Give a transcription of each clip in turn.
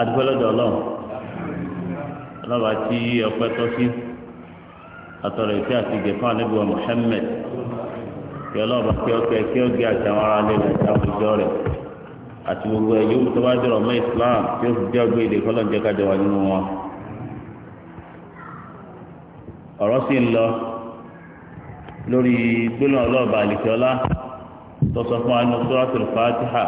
adúgbòlódò ọlọ́run ọlọ́ba tí ọpẹ́ tọ́ sí àtọ̀rọ̀ ìfẹ́ àti ìgbẹ̀fọ́ àlẹ́bùwà Muhammad kí ọlọ́ba kí ọkẹ́ kí ọgẹ́ àti àwọn ará lẹ́rẹ̀ àti àwọn ìjọ rẹ̀ àti gbogbo ẹ̀ yóò tó bá dọ̀rọ̀ mọ́ Islam tí ó fi jẹ́ ọgbẹ́ èdè kọ́lọ́ jẹ́ kájọ wà nínú wọn. ọ̀rọ̀ sì ń lọ lórí gbólóhùn ọlọ́ba àlìkẹ́ọ́lá tó sọ fún wa ní Suratul Fatiha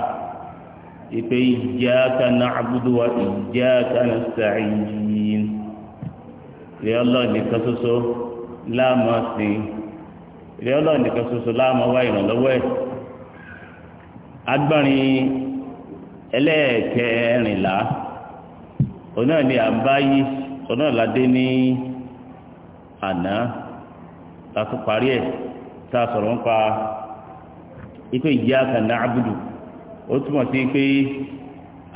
ìpè iyyaka na'budu wa iyyaka nasta'in ìrẹ́ ọlọ́ọ̀ nìkan ṣoṣo láàmú sí ìrẹ́ ọlọ́ọ̀ nìkan ṣoṣo láàmú wá ìrànlọ́wọ́ ẹ̀ agbárin ẹlẹ́ẹ̀kẹrìnlá ọ̀nà ni àbáyé ọ̀nà ládé ní àná láti parí ẹ̀ tá a sọ̀rọ̀ nípa ìpè iyyaka na'budu ó túmọ̀ sí pé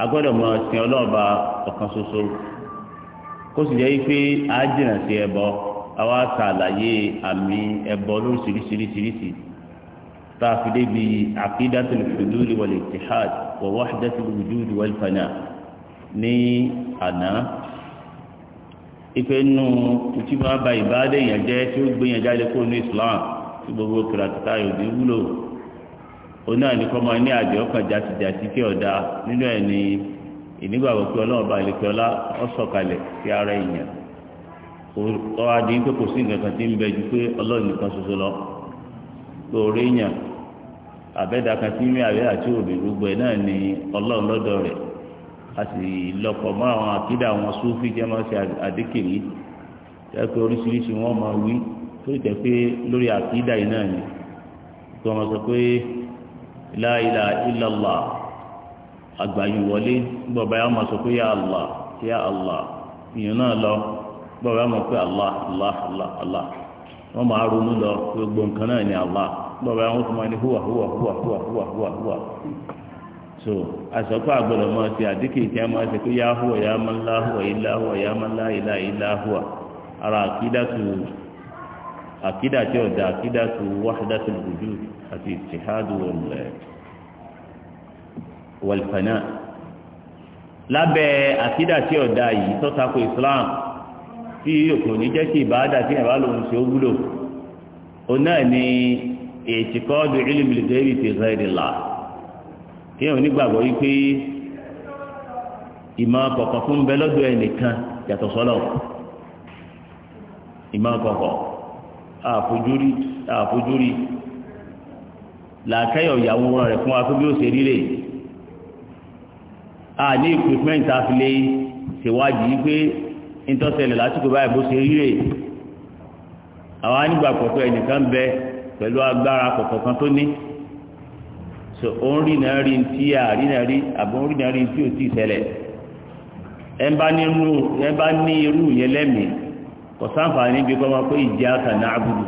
a gbọ́dọ̀ mọ sin ọlọ́ọ̀ba ọ̀kan ṣoṣo kó sì jẹ́ pé a jìnà sí ẹbọ àwa ṣàlàyé àmì ẹbọ lóríṣiríṣiríṣiríṣi tá a fi débi aqidatul hudud wal ittihad wa wahdatul wujud wal fana ní àná ipe nu tí wọn bá ìbáde yẹn jẹ tí ó gbé yẹn jáde kó ní Islam tí gbogbo kìlàkìtà yòó di wúlò. òun náà ní kọ́ ní ọkàn jásijàsi tí ọ̀dá nínú ẹ̀ ní ìnígbàgbọ́ pé ọlọ́run bá àlejò ọlá ọ̀sọ̀kalẹ̀ ara èèyàn ọ̀rọ̀ àdín pé kò sí nǹkan kan tí ń bẹ ju nìkan ṣoṣo lọ èèyàn kan tí ń rí àbẹ́ àti òbí gbogbo ẹ̀ náà ọlọ́run lọ́dọ̀ rẹ̀ a sì mọ́ àwọn àkídà jẹ́ oríṣiríṣi máa wí tó pé lórí sọ pé la ilaha illallah àgbáyé wọlé gbọ̀bá yà máa sọ pé ya Allah ya Allah ìyẹn náà lọ gbọ̀bá yà máa pé Allah Allah Allah Allah wọ́n máa ronú lọ gbogbo nǹkan náà ní Allah gbọ̀bá yà wọ́n tún máa ní húwà húwà húwà húwà húwà húwà húwà so àsọ̀kọ́ àgbọ̀dọ̀ máa ti àdíkè tí a máa ṣe pé ya húwà ya man la húwà illa húwà ya man la ilaha illa húwà ara àkídà tó àkídà tí ọ̀dà àkídà tó wahdatul àti ìtìhádù wọlfẹ̀nà lábẹ́ àkídà tí ọ̀dà yìí tó tako Islam tí òkè òní jẹ́ kí ìbáadà tí ẹ̀bá lòun ṣe ó wúlò ó náà ni ètìkọ́ọ̀dù ilmi al-ghaybi fi ghayri Allah kí òní gbàgbọ́ wípé ìmọ̀ kọ̀kọ̀ fún bẹ ẹnìkan yàtọ̀ sọ́lọ̀ ìmọ̀ kọ̀kọ̀ àfojúrí àfojúrí làákẹ́yọ̀ ìyàwó rẹ̀ fún wa tó bí ó ṣe rílẹ̀ a ní equipment àfilẹ̀ ṣèwádìí pé ìtọ́sẹ̀lẹ̀ lásìkò báyìí bó ṣe rílẹ̀ àwa nígbà pọ̀tọ́ ẹnìkan bẹ pẹ̀lú agbára pọ̀tọ̀ kan tó ní so òun rí náà rí tí a rí náà rí àbọ̀ òun rí náà rí tí ò tí ì ṣẹlẹ̀ ẹ bá ní irú yẹn lẹ́mìí kò sáǹfà níbi kọ́ máa pé iyyaka na'budu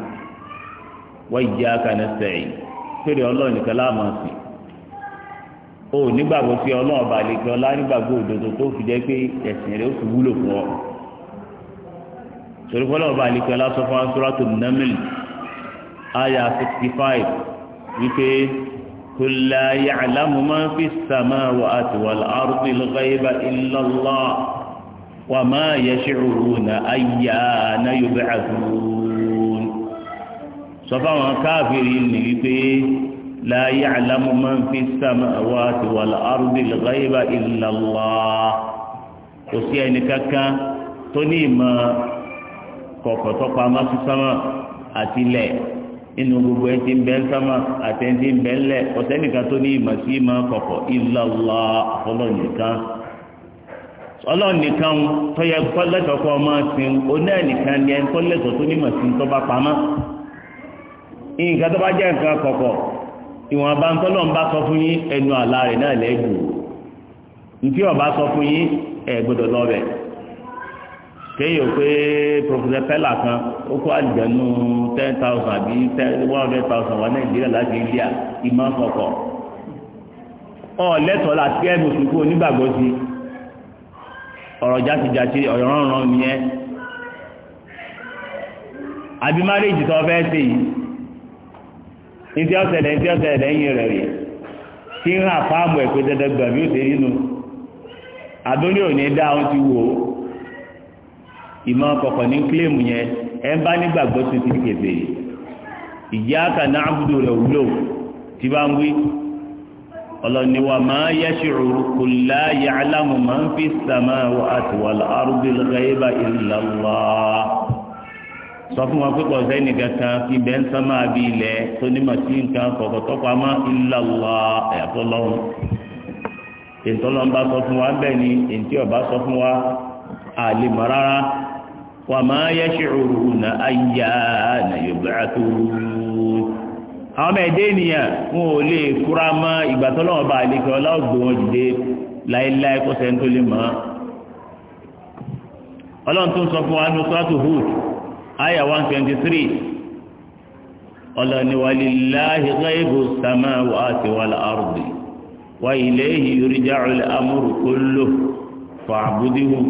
wa iyyaka nasta'in pèrè ọlọ́run nìkan láàmú sí o nígbàgbọ́ sí ọlọ́run ọba àlejò ọlá nígbàgbọ́ òdodo tó fi jẹ́ pé ẹ̀sìn rẹ̀ ó fi wúlò fún ọ torí fọlọ́run ọba àlejò ọlá sọ fún asúrátù nàmìl àyà sixty five wípé kùlà yàlámù máa ń fi sàmà wà àti wà lárúbí lọ́gà ìlọ́lá wà máa yẹ ṣe rúrú nà ayé àná yorùbá àdúró sọ fáwọn káàfìrí ní wípé la ya'lamu man fi samawati wal ardi al-ghayba illa Allah kò sí ẹni kankan tó ní ìmọ̀ kọ̀ọ̀kọ̀ tó pamọ́ sí sámà àti ilẹ̀ inú gbogbo ẹtí ń bẹ ń sámà àti ẹtí ń bẹ ń lẹ̀ ọ̀sẹ́nìkan tó ní ìmọ̀ sí ìmọ̀ kọ̀ọ̀kọ̀ illa Allah àfọlọ́nìkan ọlọ́run nìkan tó yẹ kọ́lẹ́tọ̀ kọ́ ọmọ sí onáà nìkan nǹkan tó bá jẹ́ nǹkan kọ̀kọ̀ ìwọ̀n bá ń tọ́lọ́ ń bá sọ fún yín ẹnu àlá rẹ̀ náà lẹ́gbù ntí ọba sọ fún yín ẹ gbọ́dọ̀ lọbẹ kéèyàn pé pòfẹsẹ pẹlà kan ó kó àlùjẹnu ten thousand àbí one hundred thousand wà nàìjíríà láti ilé à ìmọ̀ kọ̀kọ̀ ọ lẹ́tọ̀ọ́ láti ẹ̀ mùsùlùmí kó onígbàgbọ́ sí ọ̀rọ̀ jásijàsí ọ̀rọ̀ rànran nìyẹn àbí márèjì tó fẹ́ ṣe ìdí ọ̀sẹ̀lẹ̀ ìdí ọ̀sẹ̀lẹ̀ yìí rẹ̀ rí kí ń hàn fáàmù ẹ̀pẹ́ dandan gbà mí dá ohun ti wò ó ìmọ̀ ní kílèmù yẹn ń bá nígbàgbọ́ ti rẹ̀ wúlò tí bá ń wí ọlọ́niwà máa kò láyé máa ń fi àtiwàlá ìlú sọ fún wọn pé kọ̀ọ̀sẹ́ nìkan kí bẹ́ẹ̀ ń máa bí ilẹ̀ tó ní nǹkan ẹ̀yàtọ̀ bá sọ fún wa bẹ́ẹ̀ ni èntí sọ fún wa àlè mọ́ rárá wà yẹ na ayá na yorùbá tó àwọn ọmọ ẹ̀dẹ́ ènìyàn wọn ò lè kúra mọ́ ìgbà bá ọlọ́gbọ̀n wọn dìde láéláé lè mọ́ ọlọ́run tó ń sọ fún wa ní aya one twenty three ọlọ́ni walillahi ghaibu samawati wal ardi wa ilayhi yurja'u al-amru kulluhu fa'budhu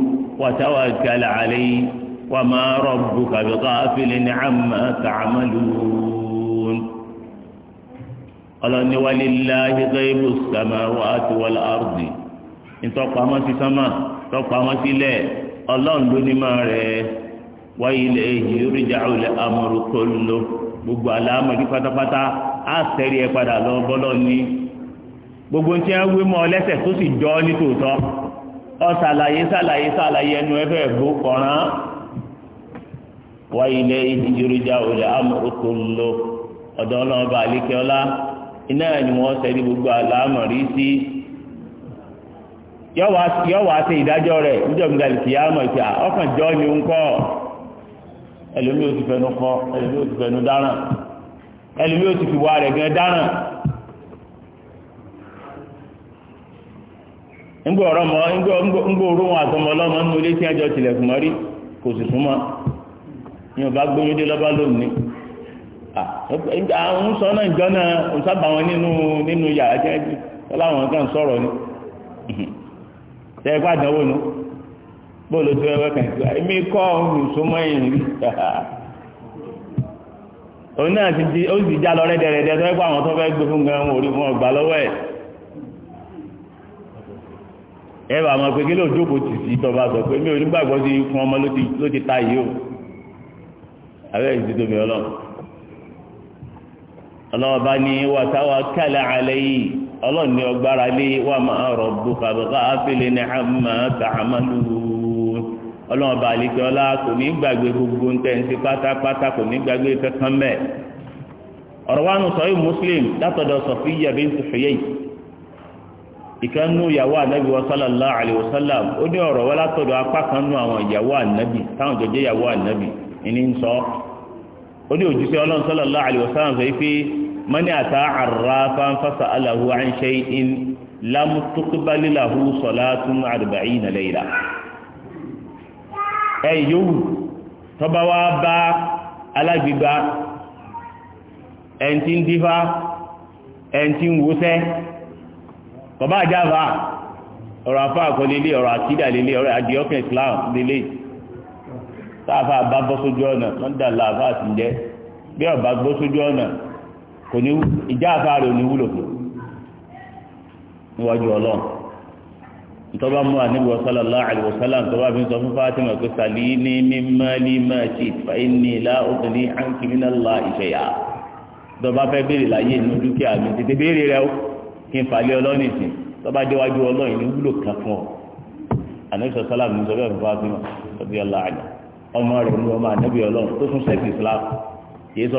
wa tawakkal alayhi wa ma rabbuka bighafilin amma ta'malun ọlọ́ni walillahi ghaibu samawati wal ardi ntọ́pamọ́ sí sánmà tọ́pamọ́ sílẹ̀ ọlọ́run wa ilayhi yurja'ul amru kullu gbogbo àlámọ̀rí pátápátá á sẹ́rí ẹ padà lọ bọ́lọ́ ní gbogbo tí wọ́n wé mọ́ lẹ́sẹ̀ tó sì jọ ní tòótọ́ ọ sàlàyé sàlàyé sàlàyé ẹnu ẹfẹ́ gbó kọ̀rán wa ilayhi yurja'ul amru kullu ọ̀dọ́ ọlọ́ọ̀bà àlékẹ́ọ́lá iná ni wọ́n sẹ́rí gbogbo àlámọ̀rí sí yọ́wọ́ àti ìdájọ́ rẹ̀ níjọ́ mi gàlìkì yá mọ̀ ìfẹ́ ọkàn jọ́ ni ń ẹlòmí ò ti fẹnu kọ ẹlòmí ò ti fẹnu dáràn ẹlòmí ò ti fi wà rẹ̀ gan dáràn. ńgbọ ọ̀rọ̀ mọ́ ńgbọ oró wọn àtọmọ ọlọ́mọ nínú ilé tí kò sì súnmọ́ ní ọba gbóyúndé lónìí àwọn sọ náà jọ náà bóòlù tí wọ́n kàn sí kọ́ ọ̀hún súnmọ́ òun náà ti di ó sì já lọ rẹ́dẹ̀rẹ́dẹ́ tó ẹ́ àwọn tó fẹ́ gbé fún gan orí wọn gbà lọ́wọ́ ẹ̀ ẹ bá pé kí ló jókòó sí tọba sọ pé mi ò ní gbàgbọ́ sí fún ọmọ ló ọlọ́run bá àlejò ọlá kò ní gbàgbé gbogbo ń tẹ̀sí pátápátá kò ní gbàgbé kankan mẹ́ ọ̀rọ̀ wa nù sọ́yìn muslim látọ̀dọ̀ sọ̀fíyà bint Huyay ìkànnú ìyàwó ànábì wa sallallahu alayhi wa sallam ó ní ọ̀rọ̀ wa látọ̀dọ̀ apá kan nù àwọn ìyàwó ànábì táwọn jọjẹ́ ìyàwó ànábì ìní ń sọ ó ní òjíṣẹ́ ọlọ́run sallallahu alayhi wa sallam sọ ẹ̀yìn yòówù wa baa bá alágbègbà ẹ̀ǹtí ń dífá ẹ̀ǹtí ń wúsẹ́ bàbá àjáfà ọ̀rọ̀ afá àkọlélé ọ̀rọ̀ àtìdà lélé ọ̀rọ̀ àdìọ́kẹ̀ Islam lélé táàfà bá bọ́ sójú ọ̀nà lọ́dà làáfà sí jẹ́ bí ọ̀bá gbọ́ sójú ọ̀nà ìjáfà rẹ̀ ntọ́ba mú àníbi wọ́sálà láàrin wọ́sálà ntọ́ba fi ń sọ fún Fatima pé sàlí ní mímọ́ ní máa ṣe fa inni la ughni anki minallahi shay'a tọ́ba fẹ́ béèrè láyé inú dúkìá mi tètè béèrè rẹ o kí n falẹ̀ ọlọ́run ìsìn tọ́ba déwájú ọlọ́run ní wúlò kan fún ọ àníbi sọ́sálà mi sọ bẹ́ẹ̀ fún Fatima sọ́bí ọláàrin ọmọ rẹ̀ ní ọmọ àníbi ọlọ́run tó tún sẹ́kì Islam kì í sọ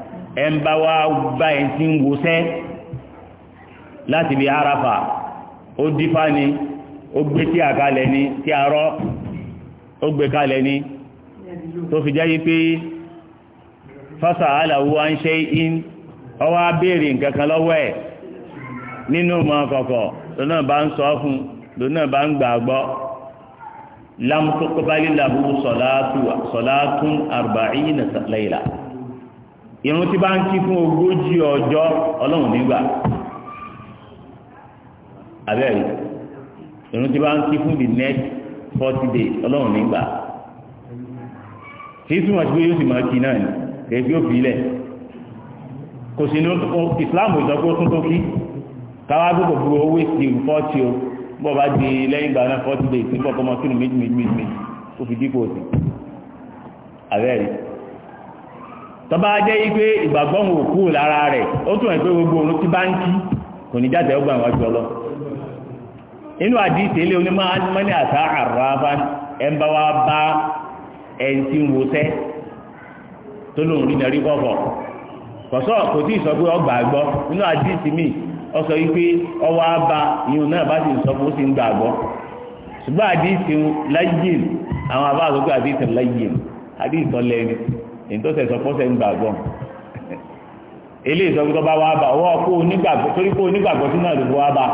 ẹ ń bá wá bá ẹ̀ tí ń wòsẹ́ láti bí arafa ó dífá ni ó gbé tí àkálẹ̀ ni tí arọ́ ó gbé kalẹ̀ ni tó fi jẹ́ pé fásà aláwọ̀ à ń ṣe in ọwọ́ abéèrè nǹkankan lọ́wọ́ ẹ̀ nínú ọmọ kọ̀kọ̀ lọ́nà bá ń sọ fún lọ́nà bá ń gbàgbọ́ lámùtòkọ́bálí làbúrú sọ̀látún àrùbáyìn nàìjíríà irun tí bá ń kí fún ogójì ọjọ́ ọlọ́run nígbà abẹ́rẹ́ irun tí bá ń kí fún the next forty days ọlọ́run nígbà kì í túmọ̀ sí pé yóò sì máa kí náà ni kì í fi ó fi ilẹ̀ kò sí ní ìsìláàmù ìsọpọ̀ tún tó kí káwá gbogbo gbogbo owó èsì fọ́ọ̀tì o bọ́ọ̀ bá di lẹ́yìn ìgbà náà fọ́ọ̀tì days nígbà kọ́mọ kí ni méjì méjì méjì méjì ó fi dípò òsì abẹ́rẹ́ tọ́ba jẹ́ ipe ìgbàgbọ́ òun ò kúrò lára rẹ̀ ó tún ẹ̀ pé gbogbo òun ti bá kò ní jáde ọgbà lọ inú àdìsí ilé onímọ̀ àrùn afá bá wa bá ẹ̀ ń ń wosẹ́ tó lóun rí nàrí kọ̀ọ̀kọ̀ kọ̀sọ́ kò tí ì sọ pé ọgbà gbọ́ mi ọ sọ ọwọ́ abá ìyún náà bá sì ń sọ pé ó sì ń gbà gbọ́ ṣùgbọ́n ìtọ́sẹ̀ sọpọ́sẹ̀ ń gbàgbọ́ ilé ìsọgbọ́tọ́ bá wá bá ọwọ́ kó onígbàgbọ́ torí kó onígbàgbọ́ sínú àdúgbò wá bá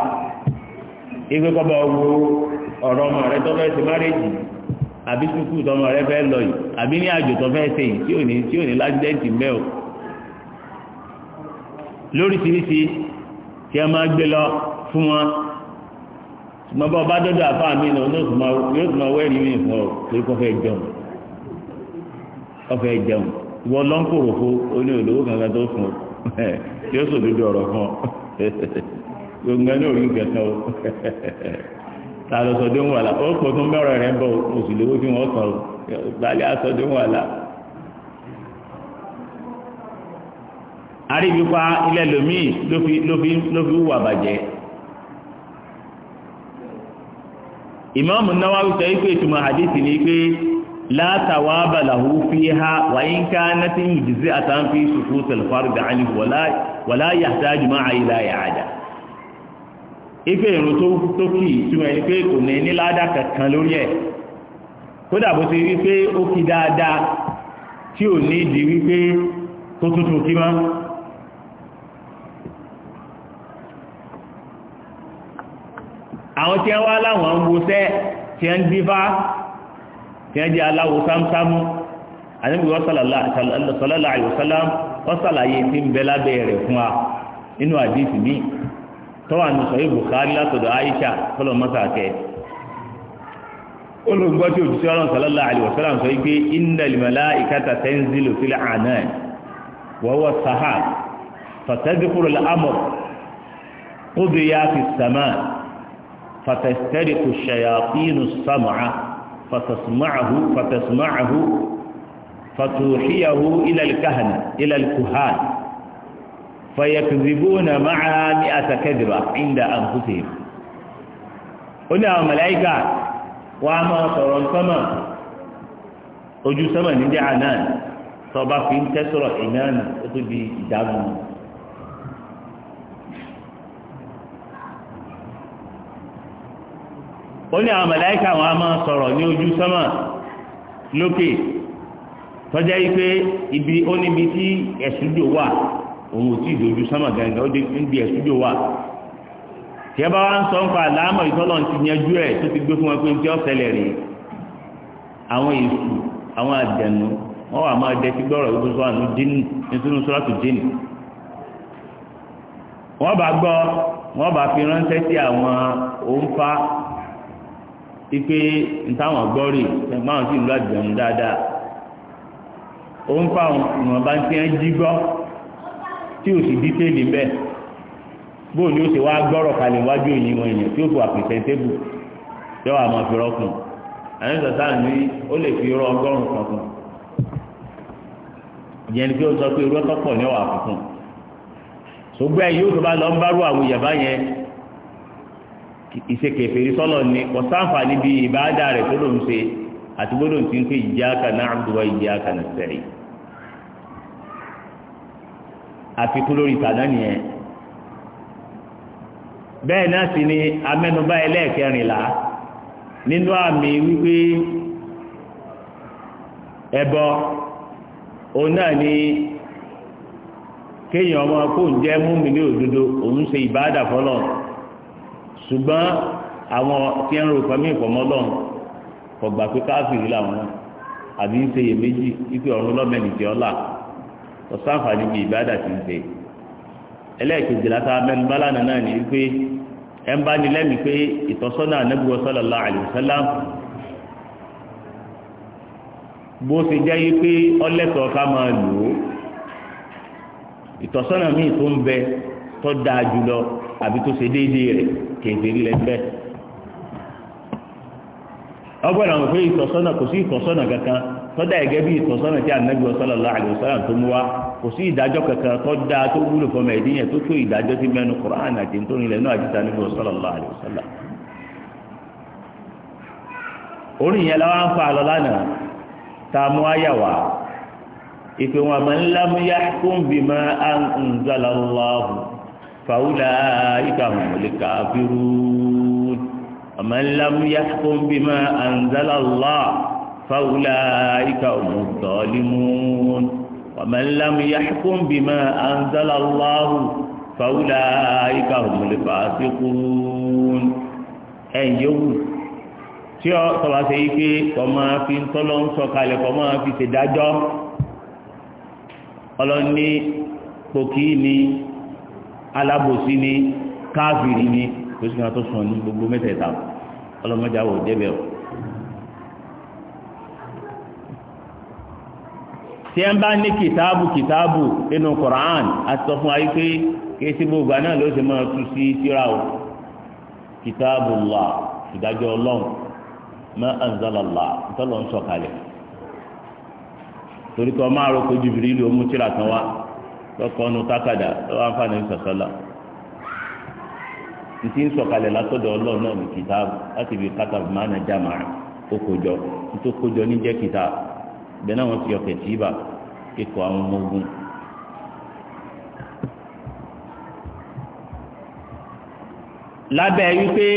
igbe kọ́ bá wo ọ̀rọ̀ ọmọ rẹ tó fẹ́ ṣe márẹ́jì àbí sukùú tọmọ rẹ fẹ́ lọ yìí àbí ní àjò tó fẹ́ ṣe yìí tí ò ní tí ò ní lájúdẹ́ǹtì mẹ́ o lóríṣiríṣi tí ẹ máa gbé lọ fún wọn ṣùgbọ́n bá ọba dọ́dọ̀ àfáà mi lọ ọ ọfẹ jẹun ìwọ lọ́nkòròfo oní olówó kankan tó fún ọ yóò sòdodo ọ̀rọ̀ fún ọ gbogbo ẹni òrí nǹkan o ta lọ sọdọ ń wàlà ó pọ̀ tó ń bẹ̀rọ̀ rẹ̀ ń bọ̀ oṣù lówó tí wọ́n sọ gbalẹ̀ àsọdọ ń wàlà. àríwípa ilẹ̀ lòmíì ló fi ló fi ló fi wà bàjẹ́. ìmáàmù Nawawi sọ pé ìtumọ̀ hadithi ni pé. látàwà bàlàhù fi ha wà ń ká náà tí yìí jìzí àtàǹfì ṣùkú tẹlifáàrù dà ánì wàlá yàtàjù máa ife ìrùn tó kì í túmọ̀ ẹni pé kò ní ní kankan lórí ẹ̀ kódà ti rí pé ki di wípé tó tuntun tí wọ́n jẹ́ aláwo sámsámú ànábì sallallahu alaihi wasallam wọ́n sàlàyé tí ń bẹ lábẹ́ rẹ̀ fún wa nínú àdìsí mi tọ́wà ní sọ̀rọ̀ Bukhari látọ̀dọ̀ Aisha fọlọ́ mọ́sàkẹ́ olùgbọ́ tí òjúṣe ọlọ́run sallallahu alaihi wasallam sọ pé innal malaikata tanzilu fil anan wa huwa sahab fatadhkuru al-amr qudiya fi as-sama fatastariqu ash-shayatin as فتسمعه فتسمعه فتوحيه إلى الكهنة إلى الكهان فيكذبون معها مئة كذبة عند أنفسهم هنا ملائكة وما ترى السماء ojú سماء ní صباح àná tọba fi ń tẹ́sọ̀rọ̀ ó ní àwọn màláíkà wọn a máa sọ̀rọ̀ ní ojú sánmà lókè tọ́jà yìí ibi ó níbi tí ẹ̀sùdò wà òun ò tí ì dojú sánmà gangan ó níbi ẹ̀sùdò wà tí ẹ bá wá ń sọ ń pa àlámọ̀ ìtọ́lọ̀ ti yanjú ẹ̀ tó ti gbé fún wọn pé ní tí ó ṣẹlẹ̀ rèé àwọn èsù àwọn àdẹ̀nu wọ́n wà máa dẹ́ ti gbọ́rọ̀ gbogbo sọ àánú dínú nítorí sọ́ràtù dínú wọ́n bá gbọ́ wọ́n bá fi ránṣẹ́ sí àwọn òǹfà ipe ntáwọn gbọ́rì ẹ̀gbọ́n àwọn tí ìlú àjẹun dáadáa ó ń fa ìwọ̀n bá ń tí wọ́n jí gbọ́ tí ò sì dítéèlì ń bẹ̀ bóun ni ó wá gbọrọ kalẹ̀ wájú òyìn wọn èèyàn tí ó fi àpèsẹ́ntébù tí wọ́n àmọ́ fi rọkùn ní ó lè fi rọ kankan ìyẹn ó sọ bá lọ ń bá rú àwọn ìyàbá yẹn ìṣekèfèrí sọ́lọ̀ ni ọ̀sánfà níbi ìbáadà rẹ̀ tó ló ń ṣe àti gbọ́dọ̀ tí ń pè iyyaka na'budu wa iyyaka nasta'in àfikún lórí tàná nìyẹn bẹ́ẹ̀ náà sì ni amẹ́nubá ẹlẹ́ẹ̀kẹrìnlá nínú àmì wípé ẹbọ òun náà ni kéèyàn ọmọ kóun jẹ́ múmi ní òdodo òun ṣe ìbáadà fọ́lọ́run ṣùgbọ́n àwọn tí ń ro pẹ̀lú ìfọ̀mọ́ lọ́hùn kò gbà pé káfíìrì làwọn àbí ń ṣe iyèméjì wípé ọ̀run lọ́mẹ́lì jẹ́ ọ́là ọ̀sánfààní bíi ìbáàdà ti ń ṣe ẹlẹ́ẹ̀kejì láta mẹ́nubálà náà ní wípé ẹ ń bá ní lẹ́mìí pé ìtọ́sọ́nà anábìwọ sallallahu alaihi wasallam bó ṣe jẹ́ wípé ọlẹ́tọ̀ọ́ ká máa lò ó ìtọ́sọ́nà míì tó ń bẹ tó dáa jùlọ àbí tó ṣe déédéé rẹ̀ kèfèrí lẹ́gbẹ́ ọgbọ́n àwọn òfin ìtọ́sọ́nà kò sí ìtọ́sọ́nà kankan tó dá ẹ̀gẹ́ bí ìtọ́sọ́nà tí Ànábì sallallahu alaihi wasallam tó mú wa kò sí ìdájọ́ kankan tó dáa tó wúlò fọmọ ẹ̀dínyẹn tó tó ìdájọ́ tí mẹ́nu Kùránì àti nítorí ilẹ̀ náà àti Ànábì sallallahu alaihi wasallam orí yẹn làwọn afa àlọ́ lánàá tá a mú ayà wá ìpè wọn àmọ́ ńlá mú yá kó ń bì máa ń ń zàlá lọ́hùn fàwùlà ìgbà mọ̀lẹ́ káfíru ọmọ ńlámú yá kó ń bímọ àǹzálà lọ fàwùlà ìgbà mọ̀tọ́límù ọmọ ńlámú yá kó ń bímọ àǹzálà lọ́hùn fàwùlà ìgbà mọ̀lẹ́ káfíru ẹ̀yìn tí ọ tọba ṣe yí pé ọmọ fi ń tọ́lọ́ ń sọ kalẹ̀ kọ́ máa fi ni. alábòsí ni káfìrí ni tó sì máa tó sùn ní gbogbo mẹ́tẹ̀ẹ̀ta ọlọ́mọdé àwọn ọ. tí ẹ ń bá ní kìtáàbù kìtáàbù nínú Qur'an àti sọ fún ayé pé kí sí gbogbo àná ló ṣe máa tú sí síra o kìtáàbù là ìdájọ́ ọlọ́run ma anzala Allah ìtọ́lọ́ lọ́kọ́nu tákàdá lọ́wọ́ àǹfààní sọ̀sọ́lá ntí ń sọ̀kalẹ̀ látọ̀dọ̀ ọlọ́run náà ní kìtàbù láti fi kátàbù máa na jàmà okòjọ nítorí okòjọ ní jẹ́ kìtàbù bẹ́ẹ̀ náà wọ́n ti yọ kẹ̀tìbà ikọ̀ àwọn ọmọ ogun. lábẹ́ wípé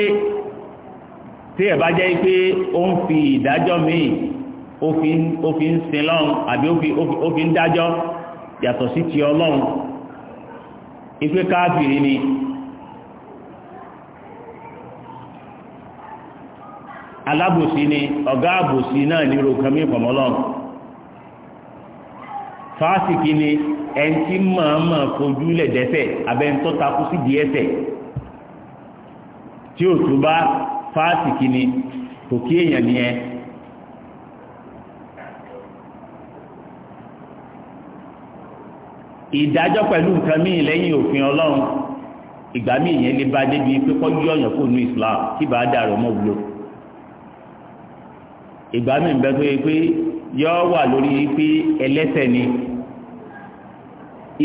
tí ẹ̀ bá jẹ́ wípé ó ń fi ìdájọ́ míì ó fi ń sin lọ́run àbí ó fi ń dájọ́. yàtọ̀ sí ti ọlọ́run ipe káàbìrì ni alábòsí ni ọ̀gá àbòsí náà ní rokami ìpamọ́lọ́run fásitì ni ẹni tí màámàá fojú lẹ̀ dẹ́ṣẹ̀ abẹ́ntọ́ takú sí di ẹ̀ṣẹ̀ tí ò tún bá fásitì ni kò kí èèyàn nìyẹn ìdájọ́ pẹ̀lú nǹkan míì lẹ́yìn òfin ọlọ́run ìgbà míì yẹn lè bá débi pé kọ́ yí ọ̀yàn kò nu islam kí bá dàrú mọ́ wúlò ìgbà míì bẹ́ẹ̀ tó yẹ pé yọ wà lórí pé ẹlẹ́sẹ̀ ni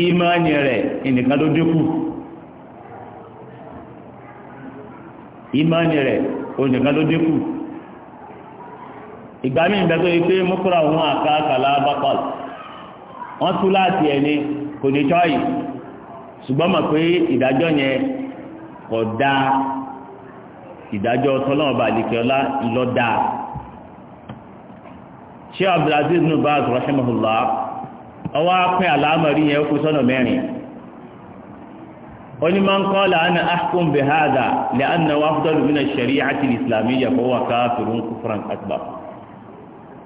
ìmọ̀ọ́nì rẹ̀ ẹnìkan ló dínkù ìmọ̀ọ́nì rẹ̀ ẹnìkan ló dínkù ìgbà míì bẹ́ẹ̀ tó yẹ pé mọ́kúra òun àkàkàlà bàpàl wọ́n tú láti ẹni kò ní tọ́yì ṣùgbọ́n mọ̀ pé ìdájọ́ yẹn kò dáa ìdájọ́ tọ́lọ́mọba àlìkẹ́ọ́lá ìlọ́dà ṣé abdulaziz ibn baz rahimahullah ọwọ́ apẹ́ àlámọ̀rí yẹn kú sọ́nà mẹ́rin ó ní máa ń kọ́ làánà ahkum bihada lẹ́ánà wàhùdọ́lùmínà shari'ati islamiyya fahuwa kafirun kufran akbar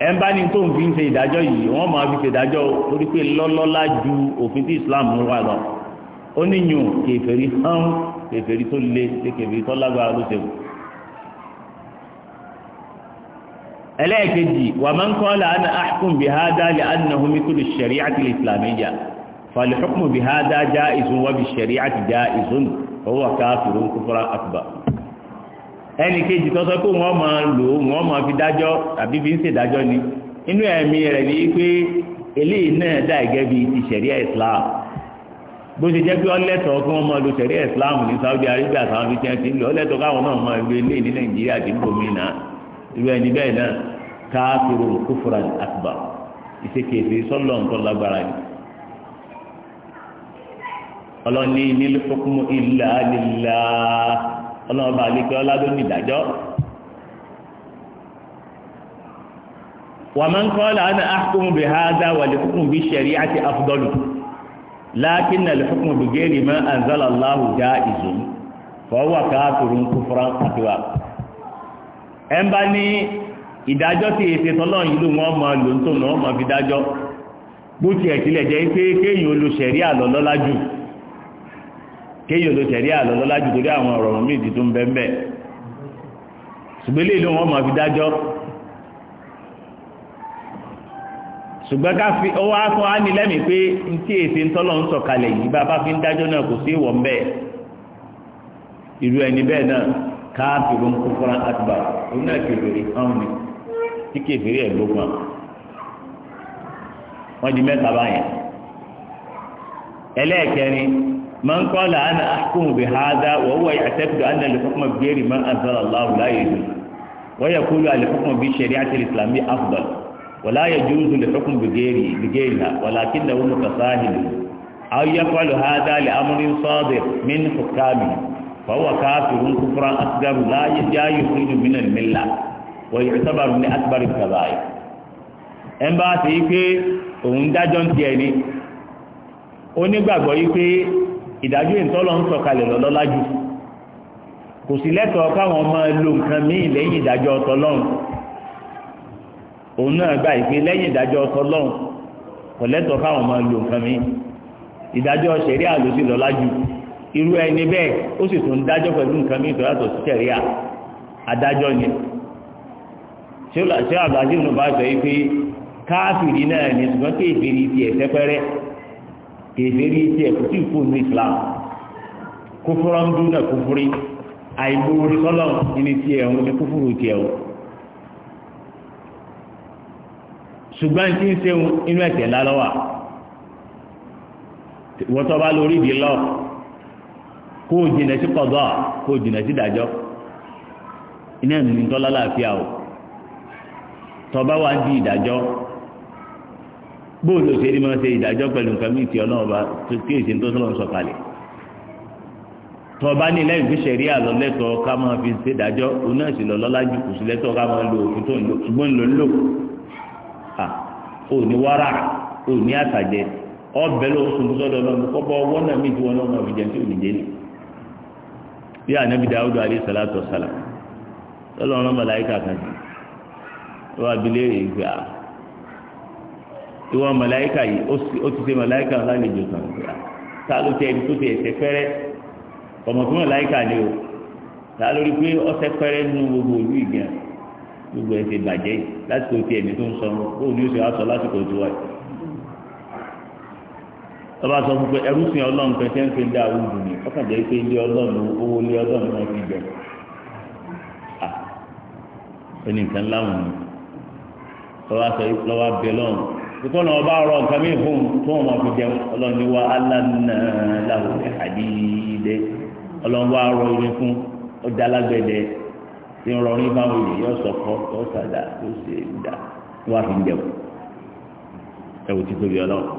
ẹ̀ ń bá ní tó ń fi ń ṣe ìdájọ́ yìí wọ́n máa fi ṣe ìdájọ́ torí pé lọ́lọ́lá ju òfin tí Islam wà lọ ó níyùn kèfèrí hán kèfèrí tó le kèfèrí tó lágbára ló ṣe wù. ẹlẹ́ẹ̀kejì wà máa ń kọ́ la ana ahkum bi hada li annahu mithlu shari'ati al-islamiyya fal hukmu bi hada ja'izun wa bi shari'ati ja'izun wa huwa kafirun kufran akbar ẹnì kejì tọ́sọ pé wọ́n máa lò ó wọ́n máa fi dájọ́ tàbí fi ń ṣèdájọ́ ni inú ẹ̀mí rẹ̀ ni pé eléyìí náà dà gẹ́gẹ́ bí ti ṣẹ̀ríà Islam bó ṣe jẹ́ pé ọlẹ́tọ̀ọ́ kí wọ́n máa lo ṣẹ̀ríà Islam ní Saudi Arabia sáwọn fi tiẹ́ ti ń lò ọlẹ́tọ̀ọ́ káwọn náà máa lo eléyìí ní Nàìjíríà ti ń gómìnà irú ẹni bẹ́ẹ̀ náà káfíru kúfúrà àkùbà ìṣèkèfé sọ́lọ̀ nǹkan lágbára ni ọlọ́run bá lè pé ọlá ló ní ìdájọ́. wàmọ́ ń kọ́ làánà ákùnkùn bí háàdá wà lè fún bí ṣẹ̀rí àti afdọ́lù láàkín nà lè fún bí gẹ́rì mọ́ àǹzálà láhù já ìzùn fọwọ́ káàkiri ń kú fúran àtiwá. ẹ ń bá ní ìdájọ́ tí èsì tọ́lọ́run yìí ló wọ́n máa lò ń tó náà wọ́n máa fi dájọ́ bó tiẹ̀ tilẹ̀ jẹ́ pé kéèyàn olùṣẹ̀rí àlọ́lọ́lá jù kéèyàn ló alọlọla àlọ́ lọ́lá jù àwọn ọ̀rọ̀ míì ti tó ń fi dájọ́ ṣùgbọ́n ká fi ọwọ́ ní lẹ́mìí pé n tí èsì ńtọ́lọ̀ ń sọ̀kalẹ̀ yìí bá fi ń dájọ́ kò sí ìwọ̀n bẹ́ẹ̀ Iru ẹni bẹ́ẹ̀ náà káàkiri ń kó fúnra àtìbà òun náà hàn tí ẹ̀ wọ́n di mẹ́ta báyẹn ẹlẹ́ẹ̀kẹrin من قال أنا أحكم بهذا وهو يعتقد أن الحكم بغير ما أنزل الله لا يجوز ويقول الحكم بالشريعة الإسلامية أفضل ولا يجوز الحكم بغيره بغيرها ولكنه متساهل أو يفعل هذا لأمر صادر من حكامه فهو كافر كفرا أصغر لا يخرج من الملة ويعتبر من أكبر الكبائر ẹ̀ ń bá ti yí pé ìdájọ́ ìtọ́lọ̀ ń sọ̀kalẹ̀ lọ́lọ́lá jù kò sí lẹ́tọ̀ọ́ káwọn máa lo nǹkan lẹ́yìn ìdájọ́ ọ̀tọ́lọ́run òun náà gba ìpè lẹ́yìn ìdájọ́ ọ̀tọ́lọ́run kò lẹ́tọ̀ọ́ káwọn máa lo nǹkan ìdájọ́ sí lọ́lá jù irú ẹni bẹ́ẹ̀ ó sì tún dájọ́ pẹ̀lú nǹkan mí sí adájọ́ ni kèfèrí tí ẹ̀kú tí ìkú ní Islam kúfúrọ́ ń dúnà kúfúrí àìgbóhùn sọ́lọ̀ ní tí ẹ̀hún ní kúfúrú tí o. ṣùgbọ́n tí ń ṣe inú ẹ̀tẹ̀ lálọ́wà wọ́tọ́ bá lórí ìdí lọ kó o jìnà sí kọ̀dọ̀ kó o jìnà sí ìdájọ́ iná ìnìtọ́lá láàfíà o tọba wa ń di ìdájọ́ bóòlù òṣèré máa ṣe ìdájọ́ pẹ̀lú nǹkan mìíràn tí ọlọ́run bá kí èsì tó sọ́lọ́run sọ kalẹ̀ tọba ní lẹ́yìn fún ṣẹ̀ríà lọ́lẹ́tọ̀ ká máa fi ṣèdájọ́ oná sì lọ lọ́lájú kù sí lẹ́tọ̀ ká máa lo òfin tó ń lò ṣùgbọ́n ń lò ń lò à ò ní wàrà ò ní àtàjẹ ọbẹ̀ ló ń sunkún sọ́dọ̀ lọ́nu kọ́ bọ́ ọwọ́ náà mí ti wọn lọ́mọ ìjẹun tí ò ní dé ni. bí anabi dawudu alayhi salatu wa salam tọ́lọ́ mọ̀láyíkà kan sí wọ́n abilé rè ìwọ màláíkà yìí ó ti ṣe màláíkà lálejò tán ta ló ti ẹni tó ti ẹsẹ̀ fẹ́rẹ́ ọmọ tó màláíkà ni o ta lórí pé ọsẹ fẹ́rẹ́ nínú gbogbo olú ìgbà gbogbo ẹsẹ bàjẹ́ yìí lásìkò tí ẹni tó ń sọ ọ́ ní oṣù àṣọ lásìkò tó wà yìí tọ́ba sọ fún pé ẹrú sìn ọlọ́run ń ọkàn pé ilé owó ilé jẹ à ẹnì kan ìtọ́ náà bá rọ nǹkan mí fún tó wọn máa fi jẹun ọlọ́ni wa alánà làwọn ẹ̀ àdìdẹ ọlọ́ni wa rọ irin fún ọjà alágbẹ̀dẹ tí ń rọrin báwọn èèyàn yóò sọkọ yóò sàdá yóò ṣe dá wọn fi ń jẹun ẹwù ti tóbi ọlọ́run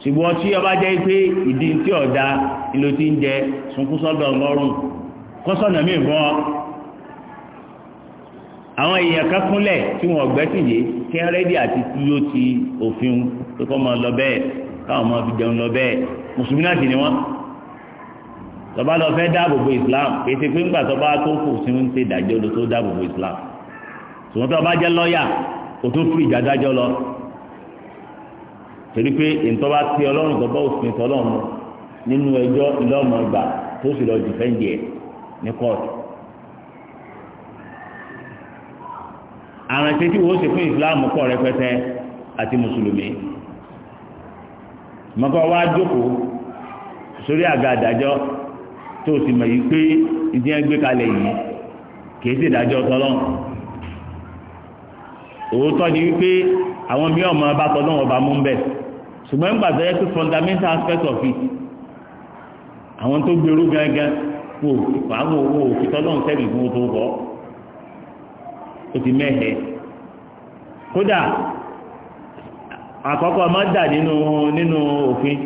ṣùgbọ́n tí ọba jẹ́ pé ìdí tí ọ̀dà ìlò ti ń jẹ sunkún sọ́dọ̀ ọlọ́run kọ́sọ̀nà mí bọ́ àwọn èèyàn kan kúnlẹ̀ tí wọn ọ̀gbẹ́ sì yé kí ń rẹ́dí àti tí yóò ti òfin tó kọ́ máa lọ bẹ́ẹ̀ káwọn máa fi jẹun lọ bẹ́ẹ̀ mùsùlùmí náà sì ni wọ́n tọba lọ fẹ́ dáàbò bo Islam kété pé ńgbà tọba tó kù sí ń ṣe ìdájọ́ lọ tó dáàbò bo Islam ṣùgbọ́n tọba jẹ́ lọ́ọ̀yà kò tó fi ìjà dájọ́ lọ torí pé ìtọ́ba ti ọlọ́run tọba òfin tọlọ́run nínú ẹjọ́ ìlọ́mọ ìgbà tó sì lọ dìfẹ́ǹdì ẹ̀ ní kóòtù àwọn ẹ̀ṣẹ̀ tí wọ́n ṣe fún islam pọ̀ rẹpẹtẹ àti mùsùlùmí mọ́kọ́ wá jókòó sórí àga àdájọ́ tó o sì mọ̀ yìí pé ìdí ẹ̀ gbé kalẹ̀ yìí kìí ṣe ìdájọ́ tọ́lọ́ òótọ́ ni wípé àwọn mí ọmọ bá tọ́ lọ́wọ́ bá mú ń bẹ̀ ń gbàgbọ́ yẹ fundamental aspect of it àwọn tó gbèrú gángan wò àwọn òwò òfin tọ́lọ́hún sẹ́yìn fún tó kọ́ ó ti mẹ́hẹ̀ kódà àkọ́kọ́ má dà nínú nínú òfin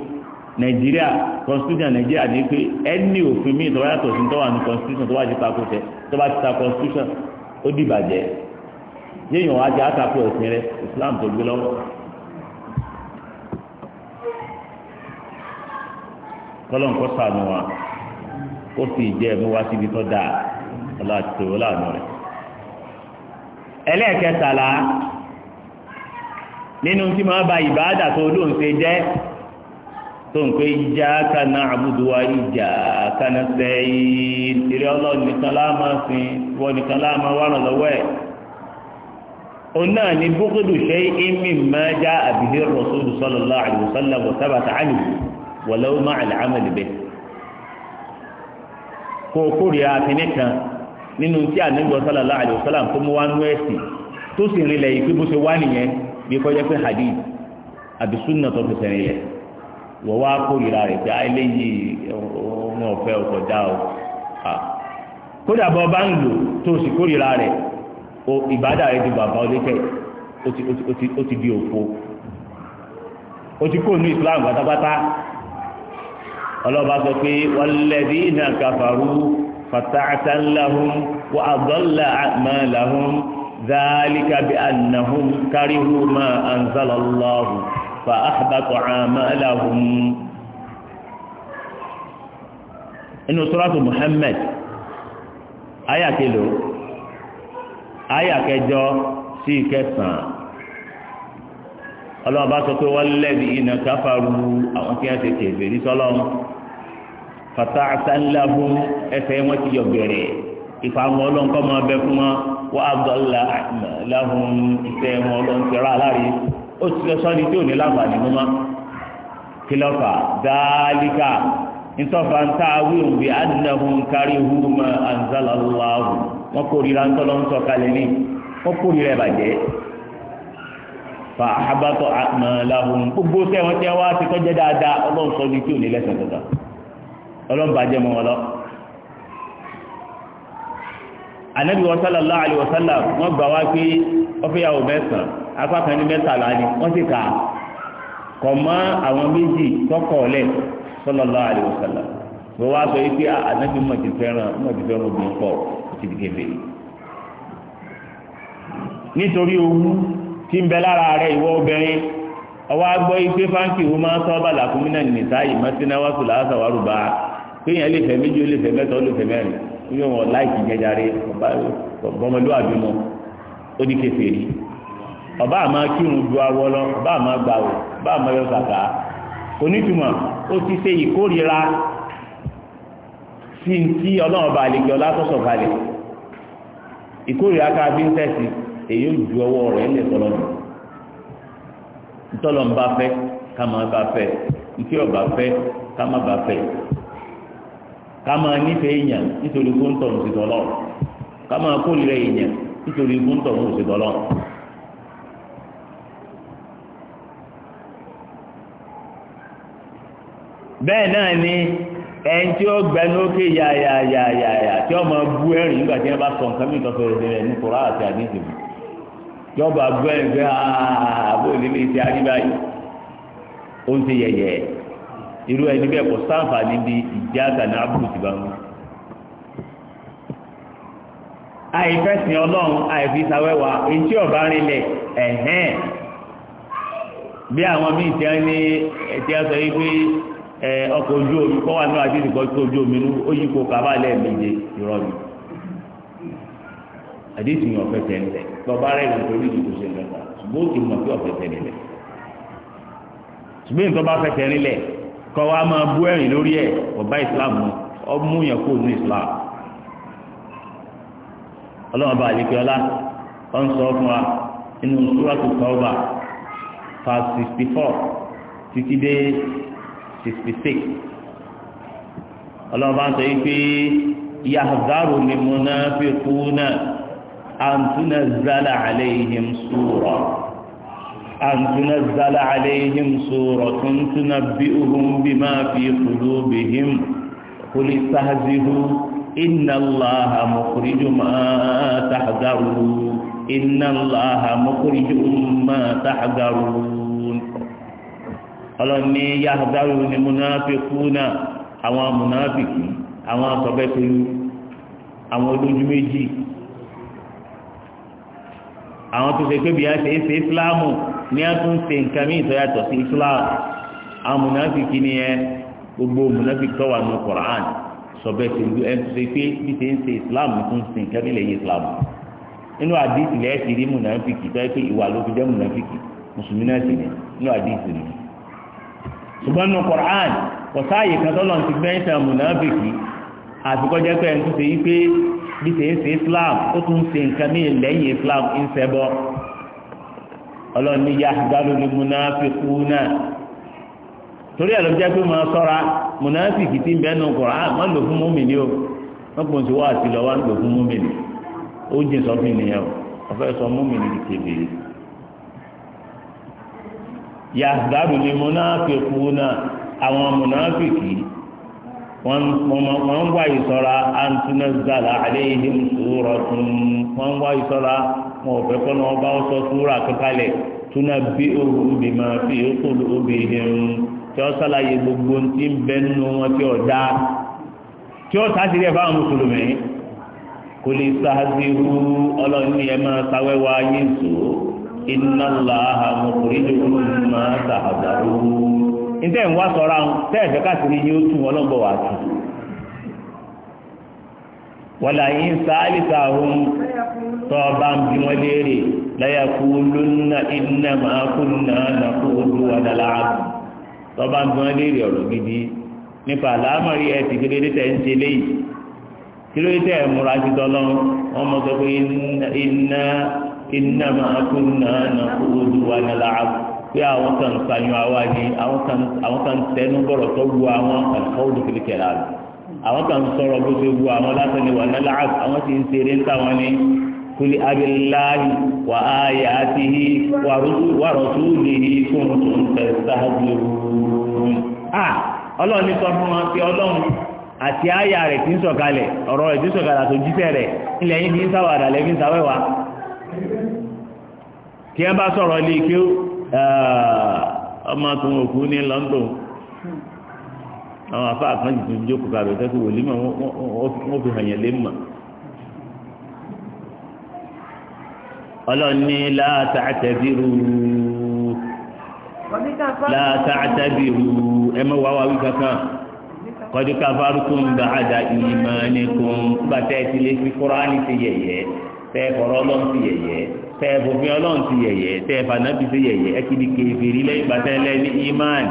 nigeria constitution nigeria ní pé ẹni òfin míì tó yàtọ̀ sí constitution tó wá ti takò tẹ tó constitution ó di ìbàjẹ́ yéèyàn wá jẹ́ rẹ islam tó gbé lọ́wọ́. kọ́lọ́n kọ́ sànù fi ìjẹ́ wá síbi tó dáa àti ẹlẹ́ẹ̀kẹtàlá nínú tí máa ba ìbáàdà tó lóun ṣe jẹ́ tó ń pè iyyaka na'budu wa iyyaka nasta'in ìrẹ́ ọlọ́run nìkan láàmà sìn wọ́n nìkan láàmà wárùn lọ́wọ́ ẹ̀ ona ni bukudu shay'in mimma jaa bihi ar-rasul sallallahu alaihi wasallam wa thabata anhu walau ma'a al-amal bih ko kuri atinikan nínú tí a sálàlá àlùsálàm tó mú wá nú ẹ̀sìn tó sì rinlẹ̀ yìí bó ṣe wá nìyẹn bí kọjá pé hadid àbí tó fi sẹ́rin wọ́n wá kórìíra rẹ̀ pé ah, eléyìí ọmọ ọ̀fẹ́ ọkọ̀ o ah. kódà bọ́ bá ń lò tó sì kórìíra rẹ̀ ìbádà rẹ̀ bàbá ó ti di òfo ó ti kó ní Islam pátápátá ọlọ́ba sọ pé فتعتا لهم وأضل أعمالهم ذلك بأنهم كرهوا ما أنزل الله فأحبط أعمالهم إنه سورة محمد آية كيلو آية كجو سي كسان ọlọ́ọ̀bá sọ pé wọ́n lẹ́bi iná káfàrú àwọn kí fata asalahun ẹsẹ̀ wọn ti yọ gẹ̀rẹ̀ ìfàmọ́ ọlọ́nkọ́ máa bẹ fún wọn wọ́n abdọ́lá lahun ìfẹ́ wọn ọlọ́nkẹ́rọ́ aláre ó ti lọ sọ́ni tí ò ní láǹfààní mú ma kìlọ́fà dáálíkà ntọ́fà ntá wíwùn bí adìnnàhùn kárí húmọ́ anzalallahu wọn kórìíra ntọ́lọ́ ntọ́kalẹ̀ ní wọn kórìíra ìbàjẹ́ fa ahabatọ àmàlàhùn gbogbo sẹ́wọ̀n tí wọ́n ti tọ́jẹ́ dáadáa ọlọ́run sọ tí ò ní lẹ́sẹ̀ kankan ọlọ́run bàjẹ́ mọ́ wọn lọ. anabi wa sallallahu alayhi wa sallam wọ́n gbà wá pé ọfẹ́yàwó mẹ́sàn-án apá kan ní mẹ́tàlá ni wọ́n sì kà kọ̀ mọ́ àwọn méjì tọkọ̀ lẹ̀ sallallahu alayhi wa sallam wọ́n wá sọ yìí pé anabi ah, mọ̀ ti fẹ́ràn mọ̀ ti fẹ́ràn obìnrin pọ̀ ti di kébèrè nítorí owó tí ń bẹ lára kéèyàn lè fẹ́ méjì ó lè fẹ́ mẹ́ta ó lè fẹ́ mẹ́rin ó yẹ wọn láìkì mọ ó ní ọba àmà kírun ju awọ lọ ọba àmà gbàwò ọba àmà yọ kàkà onítùmọ̀ ó ti ṣe ìkórira sí bá lè jọ ìkórira ká bí ń ju ọwọ lè nù ń bá ọba ká má ká máa nífẹ̀ẹ́ èèyàn nítorí kó ń tọ̀ ní ìṣètọ́lọ́ bẹ́ẹ̀ náà ni ẹni tí ó gbẹnókè yàyàyàyà tí ó máa nígbà tí wọ́n bá sọ nǹkan mìíràn tó ní kóra àti àdéhùn tí wọ́n bá bú ẹ̀rìn pé ti arí báyìí irú ẹni bẹ́ẹ̀ kò níbi ìjà àtàní abúlù ti bá wọn. àìfẹsìn ọlọ́run àìfisawẹ́wà etí bí àwọn míì tí wọ́n ní ẹ̀tí yìí pé ojú omi kọ́ wà náà àti ìdìkọ́ ojú omi nú ó àdéhùn ló torí ṣe ó ti pé kọ́ wa máa bú ẹ̀rìn lórí ẹ̀ ọba islam ọmú yẹn kó nu islam ọlọ́run bá àlejò ọlá ọ ń sọ fún wa nínú súrọ́tù tọ́ọ̀bà fa sixty títí dé sixty ọlọ́run bá ń sọ yìí pé yahzaru ni munafiquna an tunazzala alayhim sura. أن تنزل عليهم سورة تنبئهم بما في قلوبهم قل استهزئوا إن الله مخرج ما تحذرون إن الله مخرج ما تحذرون ọlọ́ni yàgbárò ni múnáfíkúnà àwọn múnáfíkì àwọn asọ̀bẹ́pẹ̀lú àwọn olójú méjì àwọn tó ní a tún ṣe nǹkan mí ìtọ́ yàtọ̀ sí islam àwọn mùnàfíkì ni ẹ gbogbo mùnàfíkì tó wà ní Qur'an sọ̀bẹ̀ tó ń ẹ ṣe pé bí ṣe ń ṣe islam tún ṣe nǹkan mí lẹ́yìn islam inú àdìsí lẹ́ẹ̀ ti rí mùnàfíkì tó pé ìwà ló fi jẹ́ mùnàfíkì mùsùlùmí náà sì ni inú àdìsí ni ṣùgbọ́n ní Qur'an kò sáàyè kan tó lọ́n ti gbẹ́ǹsà mùnàfíkì àfikọ́jẹ́ pé ẹni tó ṣe yí pé bí ṣe ń ṣe islam ó tún ṣe nǹkan mí lẹ́yìn islam ń ọlọ́run ní yahdaru ní munafiquna torí ẹ̀ ló jẹ́ pé máa sọ́ra munafiki ti ń bẹ́ nu Qur'an má lò fún o wọ́n pọ̀ sí wáàsí lọ wá ń lò fún mọ́mìnì ó jẹ́ sọ fún ènìyàn ọ̀fẹ́ sọ mọ́mìnì munafiki wọ́n wá ìsọ́ra wọ́n wá wọn ò fẹ́ kọ́ náà bá ọ sọ súra kankalẹ̀ túnà bí òru obì máa fi èkó obì hẹ̀rùn tí ó gbogbo tí ń nínú wọn tí ó dá tí ó sá sílẹ̀ mùsùlùmí kò lè sáájú ẹ máa yín iná máa ní tẹ́ ń wá sọ́ra tẹ́ wọ́lá yìí ń sáàlìsà ohun tó bá ń bí wọ́n léèrè lẹ́yàkú lónà iná máa kú náà nàkú ojú ọ̀dàlá tó bá ń bí wọ́n léèrè ọ̀rọ̀ gidi nípa àlámọ̀rí ẹ̀ ti kéde tẹ̀ ń ṣe léyìí kí ló dé múra sí tọ́lọ́ wọ́n mọ̀ sọ pé iná iná máa kú náà nàkú ojú ọ̀dàlá pé àwọn kan sanyọ àwa ni àwọn kan tẹnu bọ̀rọ̀ tó wu àwọn àlùfáà òdòkèlè kẹlẹ́ àlù àwọn kan sọ̀rọ̀ bó ṣe wu àwọn lásán ni wà lálàáfù àwọn ti ń ṣeré ń táwọn ní kuli abillahi wa ayatihi wa rasulihi kuntum tastahzi'un. a ọlọ́run ní sọ fún wọn pé ọlọ́run àti àyà rẹ̀ ti ń sọ̀kalẹ̀ ọ̀rọ̀ rẹ̀ ti ń sọ̀kalẹ̀ àti òjíṣẹ́ rẹ̀ yìí fi ń sáwàdà lẹ́bí ń sáwẹ́wà kí ẹ bá sọ̀rọ̀ lè kí ọmọ tó ń òkú ní London àwọn afá kan jù tó ń jókòó kalẹ̀ tẹ́kù wòlí mọ̀ wọ́n fi hàn yẹn lé mọ̀. ọlọ́ni látàtàbírù látàtàbírù ẹ mọ̀ wá wá wí kankan kọ́dí káfárùkùn bá àdá ìmánìkùn bàtà ẹ̀ ti lé fi Kùránì ti yẹ̀yẹ́ tẹ́ ẹ̀kọ́rọ́ ọlọ́run ti yẹ̀yẹ́ tẹ́ ẹ̀fọ̀fin ọlọ́run ti yẹ̀yẹ́ tẹ́ ẹ̀fànàbí ti yẹ̀yẹ́ ẹ̀kìdí kèfèrí lẹ́yìn bàtà ẹ̀ lẹ́ni ìmánì.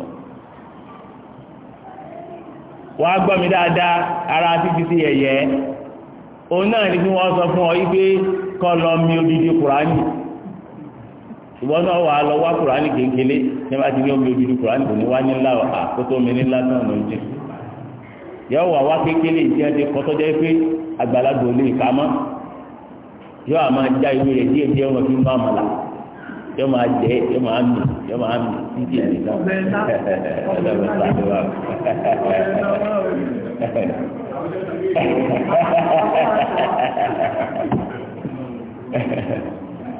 wa á gbọ́ mi dáadáa ara títí sí ẹ̀yẹ́ òun náà ni bí wọ́n sọ fún ọ yí pé kọ́ lọ mi odidi kùránì ìwọ́n náà wà á lọ wá kùránì kékeré ní bá ti ní omi odidi kùránì kò ní wá ní ńlá àkótó mi ní ńlá náà ló ń jẹ wà wá kékeré ìdí ẹdí kọ́tọ́ jẹ́ pé àgbàlagbò lè àmà já yọ máa jẹ yọ máa mì yọ máa mì títí ẹni náà ọlọ́run sáré wà.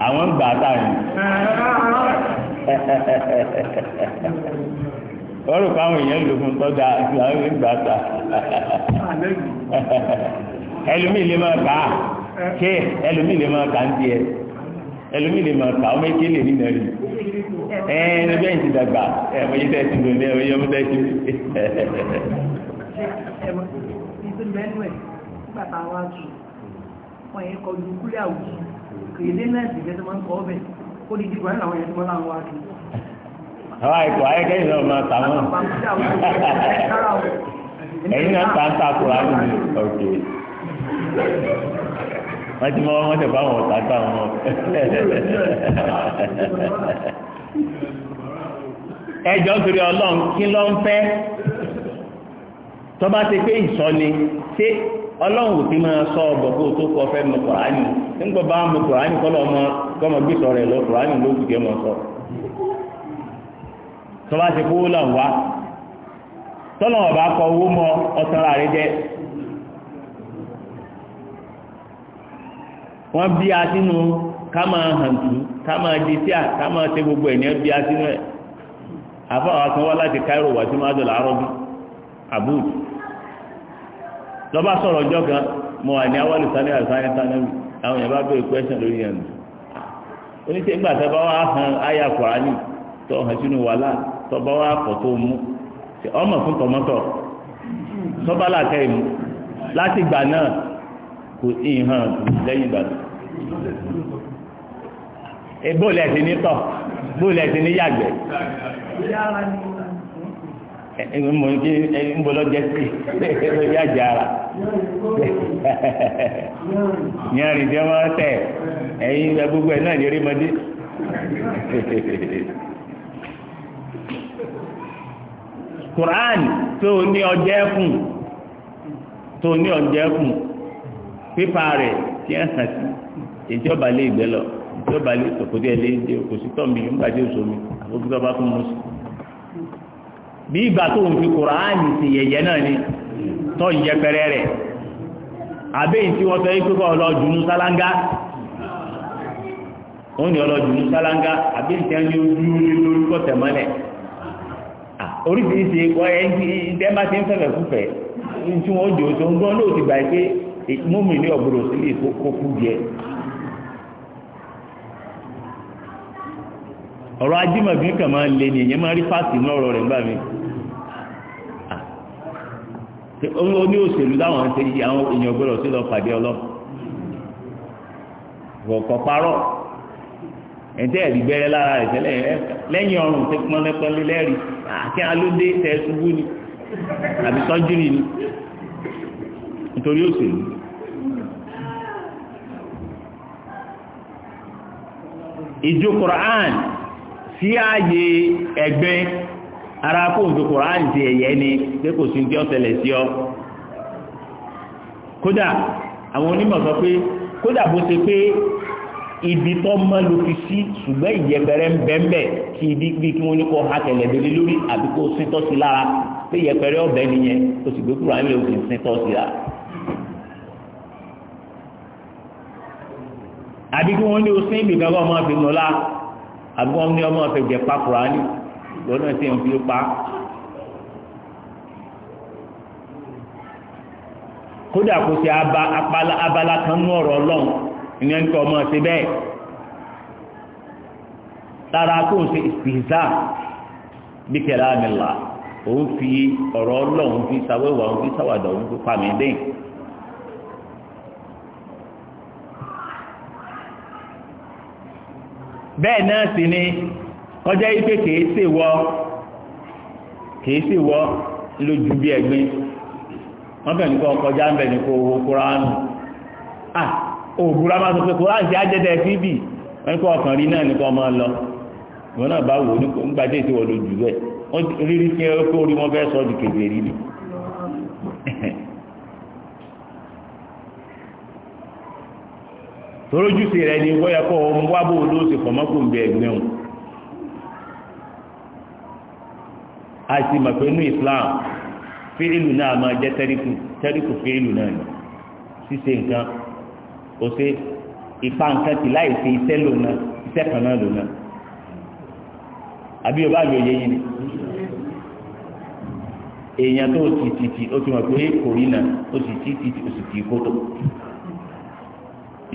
àwọn gbà á tàn wọ́n rò pé àwọn èèyàn lò fún tọ́jà àti àwọn ìgbà ta ẹlòmíì lè máa kà á ké ẹlòmíì lè máa kà á ń tiẹ̀ ẹlòmíì lè máa kà ọmọ ike lè ní nàrí ẹ̀ẹ́n ẹni bẹ́ẹ̀ ti dàgbà ẹ̀mọ yìí tẹ́ẹ̀ ti lò ní ẹ̀mọ yìí ọmọ tẹ́ẹ̀ ti lò ní ẹ̀mọ ìdí mẹ́nu ẹ̀ nígbà tá a wá jù wọ́n yẹn kọ́ ju kúlẹ̀ àwùjọ kèdè náà sì fẹ́ tó máa ń kọ́ ọbẹ̀ ó di dìgbà náà wọ́n yẹn tó máa láwọn wá jù. àwọn àìkú ayẹkẹ́ yìí náà máa tà wọ́n ẹ̀yin náà tà ń tà kúrò á wọ́n ti mọ́ wọ́n tẹ̀ fáwọn ọ̀tá gbà wọn. ẹjọ́ torí ọlọ́run kí ló ń fẹ́ tó bá ti pé ìsọ́ni ṣé ọlọ́run ò ti máa sọ ọ̀bọ̀ kó tó kọ fẹ́ mọ kùránì nígbà bá mọ kùránì kọ́ lọ́mọ gbọ́mọ gbé sọ rẹ̀ lọ kùránì ló kù jẹ́ mọ sọ tó bá ti kówó lọ́n wá tọ́lọ́wọ̀n bá kọ owó mọ ọ̀sán rà jẹ́ wọ́n bí a sínú ká máa hàn a ká máa di ká máa gbogbo ẹ̀ bí a sínú ẹ̀ àfọwọ́ kan wá láti Cairo wá sí máa dọ̀là abud sọ̀rọ̀ ọjọ́ kan mo wà ní sani àìsàn àìsàn àwọn bá bẹ̀rẹ̀ question lórí yẹn nù oníṣẹ́ ìgbà tẹ́ bá wà hàn áyà kùránì tó hàn sínú tó bá pọ̀ tó mú ọmọ fún ìmú láti gbà náà kò sí ìhàn lẹ́yìn ìbàdàn bóòlù ẹ̀sìn ní tọ̀ bóòlù ẹ̀sìn ní yàgbẹ̀ mo n Kùránì tó ní ọjẹ́ fún tó ní ọjẹ́ pípa rẹ̀ tí ẹ̀ hàn sí lé ìgbẹ́ lọ èyí lé sọ̀kòtì ẹ̀ lé ìdè kò sí tọ́ mi nígbà tí oṣù mi àkókò bá fún mi. bí ìgbà tó ń fi kùránì sí yẹ̀yẹ́ náà ni tọ́ ìyẹpẹrẹ rẹ̀ tí wọ́n pípa sálángá ní sálángá tí wọ́n ní ojú oríṣiríṣi múmi ní ọ̀gbọ̀dọ̀ sí lè kó kú jẹ. ọ̀rọ̀ ajímọ̀bí kan máa ń le ní èyàn máa rí fásitì ní ọ̀rọ̀ rẹ̀ ń bà mí ó ní òṣèlú láwọn ṣe yí àwọn èèyàn gbọ́dọ̀ sí lọ pàdé ọlọ́ ọ̀kọ̀ parọ́ ẹ̀ńtẹ́ ẹ̀rí gbẹ́rẹ́ lára rẹ̀ tẹ́lẹ̀ lẹ́yìn ọrùn tó pọ́nlẹ́pọ́nlé lẹ́rìí àti alóde tẹ̀ ṣubú ni àbí sọ́júrì ni nítorí òṣèlú ìjó koran sí ààyè ẹgbẹ́ ara kó ìjó koran ti ẹ̀yẹ ni pé kò sí ní ọ̀sẹ̀lẹ̀ sí ọ kódà àwọn onímọ̀ sọ pé kódà bó ṣe pé ibi tó mọ́ ló fi sí ṣùgbọ́n ìyẹ̀pẹ̀rẹ̀ ń bẹ́ńbẹ̀ kí ibi bí kí wọ́n ní kó ha tẹ̀lẹ̀ délé lórí àbí kó síntọ́ sí lára pé ìyẹ̀pẹ̀rẹ̀ ọ̀bẹ nìyẹn kó sì gbé kúrò àwọn ilé òfin síntọ́ sí lára. àbí kí wọ́n ní o sí ibìkan kọ́ ọmọ fi nùlá àbí wọ́n ní ọmọ fi jẹ pa kùránì lọ́nà tí ń fi pa. kódà kò sí abala kan nú ọ̀rọ̀ ọlọ́run ìyẹn ń tọ́ ọmọ sí bẹ́ẹ̀ lára tó ń ṣe ìsìnzá bí kẹlẹ́ àmì là òun fi ọ̀rọ̀ ọlọ́run fi sáwẹ́wà òun fi sáwàdà òun fi pàmì dẹ́yìn. bẹ́ẹ̀ náà sì ni kọjá ipe kìí wọ kìí wọ lójú bí ẹ̀gbin wọ́n bẹ̀ kọjá ń bẹ̀ ní owó kúránù à òbúra máa sọ pé kúránù sí ajẹ́dẹ̀ fíbì wọ́n kọ́ ọkàn rí náà lọ fi orí wọn fẹ́ di ni torójúṣe rẹ ni na kọ́ ọmọ wá bó ló ṣe fọ̀mọ́kù ń bẹ ẹgbẹ́ wọn. a sì Islam fíìlù náà máa jẹ́ tẹ́ríkù tẹ́ríkù fíìlù náà ni ṣíṣe nǹkan ó ṣe ipa nǹkan ti láì ṣe iṣẹ́ lò náà iṣẹ́ kan náà lò náà àbí ọba àlò yẹ yìí ni èèyàn tó ti ti ti ó ti mọ̀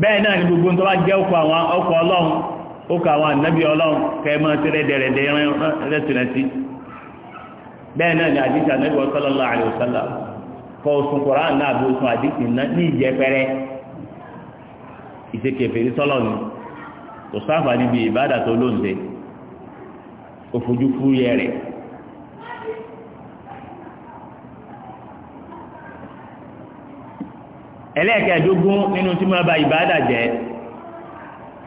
bẹ́ẹ̀ náà ni gbogbo tó bá jẹ́ ọkọ̀ àwọn ọkọ̀ ọlọ́run ọkọ̀ àwọn ànábì ọlọ́run kẹ́ẹ̀mọ́ tí rẹ̀dẹ̀rẹ̀dẹ̀ rẹ̀tìrẹ̀tì bẹ́ẹ̀ náà ni àdìsí ànábì sallallahu alaihi ele nínú tí máa ba ìbáàdà jẹ́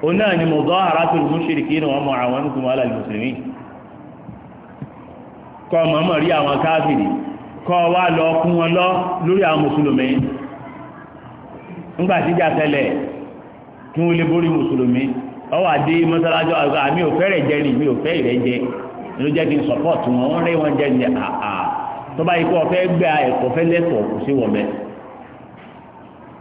òun náà ni mudaharatul mushrikina wa mu'awanatuhum ala al-muslimin kọ́ mọ̀ọ́mọ̀ rí àwọn káfìrí kọ́ wá lọ kún wọn lọ lórí àwọn mùsùlùmí ńgbà tíjà tẹ́lẹ̀ kí wọ́n lè borí mùsùlùmí ọwọ́ àdé mọ́sálásí ọ̀gá mi ò fẹ́ jẹ́ ni mi ò fẹ́ jẹ́ ló jẹ́ kí n wọn ni àà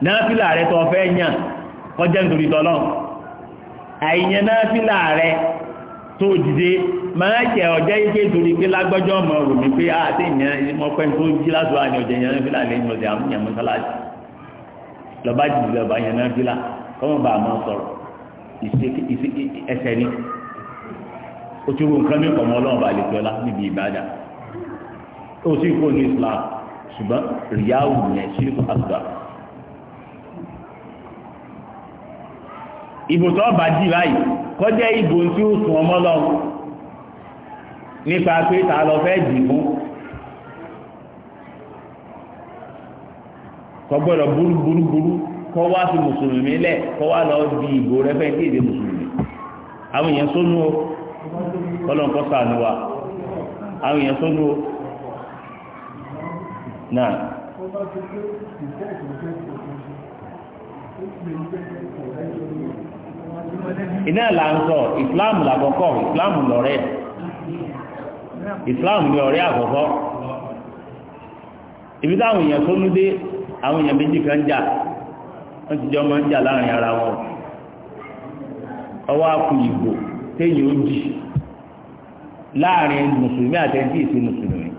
náfìlà rẹ tó fẹ́ yàn kọjá nítorí tọ́lọ́ àìyàn náfìlà rẹ tó dìde máa jẹ ọjọ́ ike torí pé lágbọ́jọ́ ọmọ rò mí pé a ah, ti yàn mọ́ pẹ́ tó jí láti wà ní ọjọ́ yàn náfìlà lẹ́yìn ọ̀sẹ̀ àwọn yàn mọ́sálásì lọ́ba jìbì lọ́ba yàn náfìlà kọ́mọ̀ bá a máa sọ̀rọ̀ ẹsẹ̀ ni o ti wo nǹkan mi pọ̀ mọ́ ọlọ́run bá lè ní Islam ṣùgbọ́n àgbà ìbò tó bá jì báyìí kọjá ìbò tí ó sùn ọmọ lọ nípa pé ta lọ fẹ́ dì fún kò gbọ́dọ̀ burúburúburú kọ wá sí mùsùlùmí lẹ kọ wá lọ di ìbò rẹ fẹ́ tí èdè mùsùlùmí àwọn èèyàn sónú o kọlọǹkọ sànù wa àwọn èèyàn sónú o náà Thank you. iná là ń sọ ìsìláàmù làkọ́kọ́ ìsìláàmù lọ́rẹ́ ìsìláàmù ni ọ̀rẹ́ àkọ́kọ́ ibi táwọn èèyàn tó nú dé àwọn èèyàn méjì kan jà wọ́n ti jọ máa ń jà láàrin ara wọn ọwọ́ akù ìgbò téèyàn ó jì láàrin mùsùlùmí àtẹ́ntì ìsìn mùsùlùmí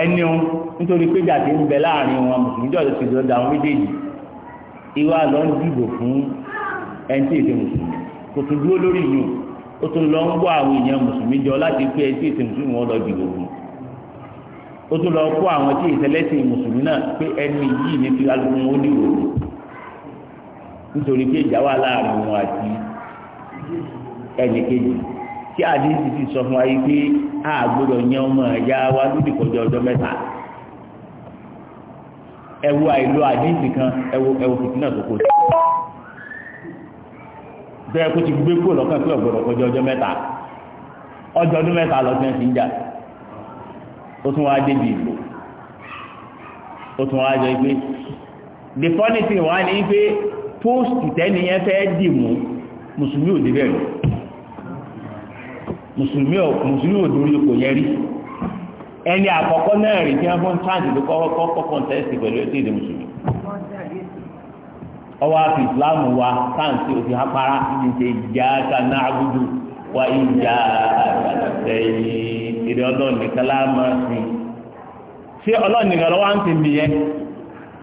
ẹni o nítorí pé wọn mùsùlùmí ìwà lọ ń dìbò fún ẹni tí èdè mùsùlùmí kò tún dúró lórí yìí ó tún lọ ń wọ àwọn èèyàn mùsùlùmí jọ láti pé ẹni tí èdè mùsùlùmí wọn lọ dìbò fún ó tún lọ kó àwọn tí ìṣẹlẹsìn mùsùlùmí náà pé ẹni yìí ní fi alùpùpù wọn dìbò fún nítorí pé ìjà wà láàrin wọn àti ẹnì kejì tí àdéhùn ti sọ fún wa yìí pé a gbọ́dọ̀ yan ọmọ ẹ̀yà wa lódì kọjá ọjọ́ mẹ́ta ẹwọ àìlò àdíìsì kan ẹwọ fìtínà tó kó sí bẹ́ẹ̀ kó ti gbé kúrò lọ́kàn pé ọ̀gbọ̀rọ̀ kọjá ọjọ́ mẹ́ta ọjọ́ ọdún mẹ́ta lọ́sẹ̀ ti ń jà ó tún wá débi ìbò ó tún wá jẹ́ pé the funny thing wá ní pé post tẹ́ni yẹn fẹ́ dì mú mùsùlùmí ò débẹ̀ rí mùsùlùmí ò dórí ipò yẹn rí ẹni àkọ́kọ́ náà rí tí wọ́n fún chance ló kọ́kọ́ kọ́ pẹ̀lú etí ìdè mùsùlùmí ọwọ́ àfi Islam wa sáǹsì òfin apara ní ṣe ìjà kaná agudu wa ìjà àgbàdàgbẹ́ ìdè ọlọ́run nìkan Ndị sí ṣé ọlọ́run nìkan lọ́wọ́ ń ti nìyẹn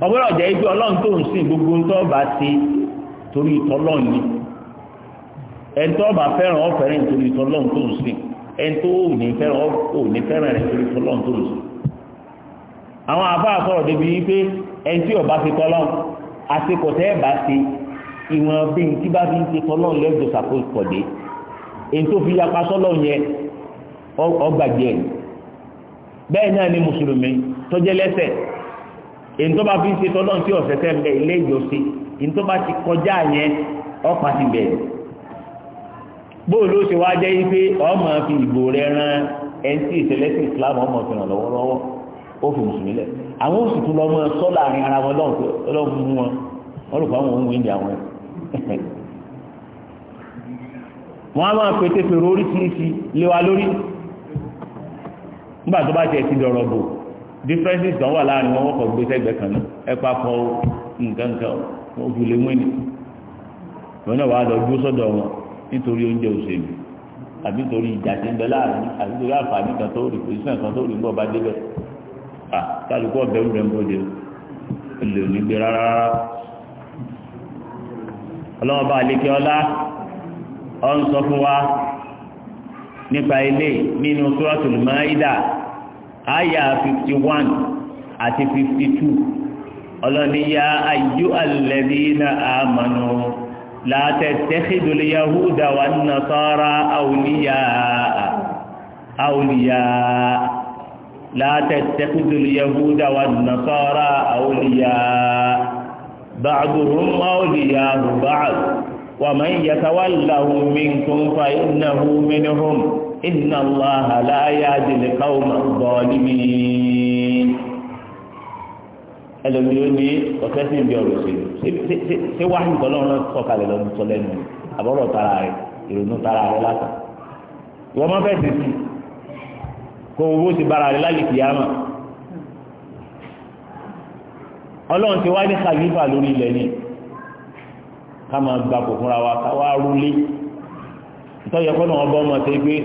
ọgbọ́dọ̀ ibi ọlọ́run tó ń sìn gbogbo ń torí ìtọ́lọ́run ni fẹ́ràn ọ̀fẹ́rẹ́ ẹni tó ò ní fẹ́ràn ò ní fẹ́ràn rẹ̀ torí tọ́lọ́n tó lò sí. àwọn àbá àsọ̀rọ̀ débi wípé ẹni tí ọba ti tọ́lọ́n àtikọ̀tẹ́ ẹ̀bá ti ìwọ̀n bí n tí bá fi ń ti tọ́lọ́n lẹ́jọ́ sàkóso èyí tó fi yapa sọ́lọ́ yẹn ọgbàgbé ẹ̀ bẹ́ẹ̀ náà ni mùsùlùmí tọ́jẹ́ lẹ́sẹ̀ èyí tó bá fi ń ṣe tọ́lọ́n tí ọ̀sẹ̀ tẹ́ ń bẹ ilé ìjọsìn èyí tó bá ti kọjá yẹn ọ̀pá bóòlù ṣe wá jẹ́ wípé ọmọ fi ìbò rẹ ran ẹni tí ìṣẹ̀lẹ̀sìn islam ọmọ fi ràn lọ́wọ́lọ́wọ́ ó fi mùsùlùmí lẹ̀ àwọn oṣù tó lọ sọ láàrin ara wọn lọ́wọ́ fún wọn wọn rò pé àwọn ìdí àwọn wọn á máa pété oríṣiríṣi lé wa lórí nígbà tó bá ti dọ̀rọ̀ bò differences kan wà wọn. nítorí oúnjẹ òṣèlú àbí nítorí ìjà tí ń bẹ láàrin àbí nítorí àǹfààní kan tó rí pèsè kan tó rí ń bọ̀ bá débẹ̀ à kálukú ọ̀bẹ ń rẹ̀ ń bọ́dẹ lè ní gbé rárá ọlọ́wọ́ bá àlékè ọlá ọ ń sọ fún wa nípa ilé nínú suratul Maida àyà fifty one àti fifty two ọlọ́ni yá ayyuhal ladina amanu. لا تتخذوا اليهود والنصارى أولياء أولياء لا تتخذ اليهود والنصارى أولياء بعضهم أولياء بعض ومن يتولهم منكم فإنه منهم إن الله لا يهدي القوم الظالمين ẹlòmí ló ní ọ̀fẹ́ sí ibi ọ̀rọ̀ òṣèlú ṣé wàá ní ìtọ́lọ́run náà sọ̀kalẹ̀ lọ́dún tó lẹ́nu àbọ̀rọ̀ tara rẹ̀ ìrònú tara rẹ̀ látà wọ́n máa fẹ́ẹ́ sèṣì kó owó ti bára rẹ̀ lálẹ́ kìyàmà ọlọ́run ti wá ní kàlífà lórí ilẹ̀ ni ká máa gba kò fúnra wa ká wá rúlé ìtọ́jú ẹ̀kọ́ náà ọba ọmọ ṣe pé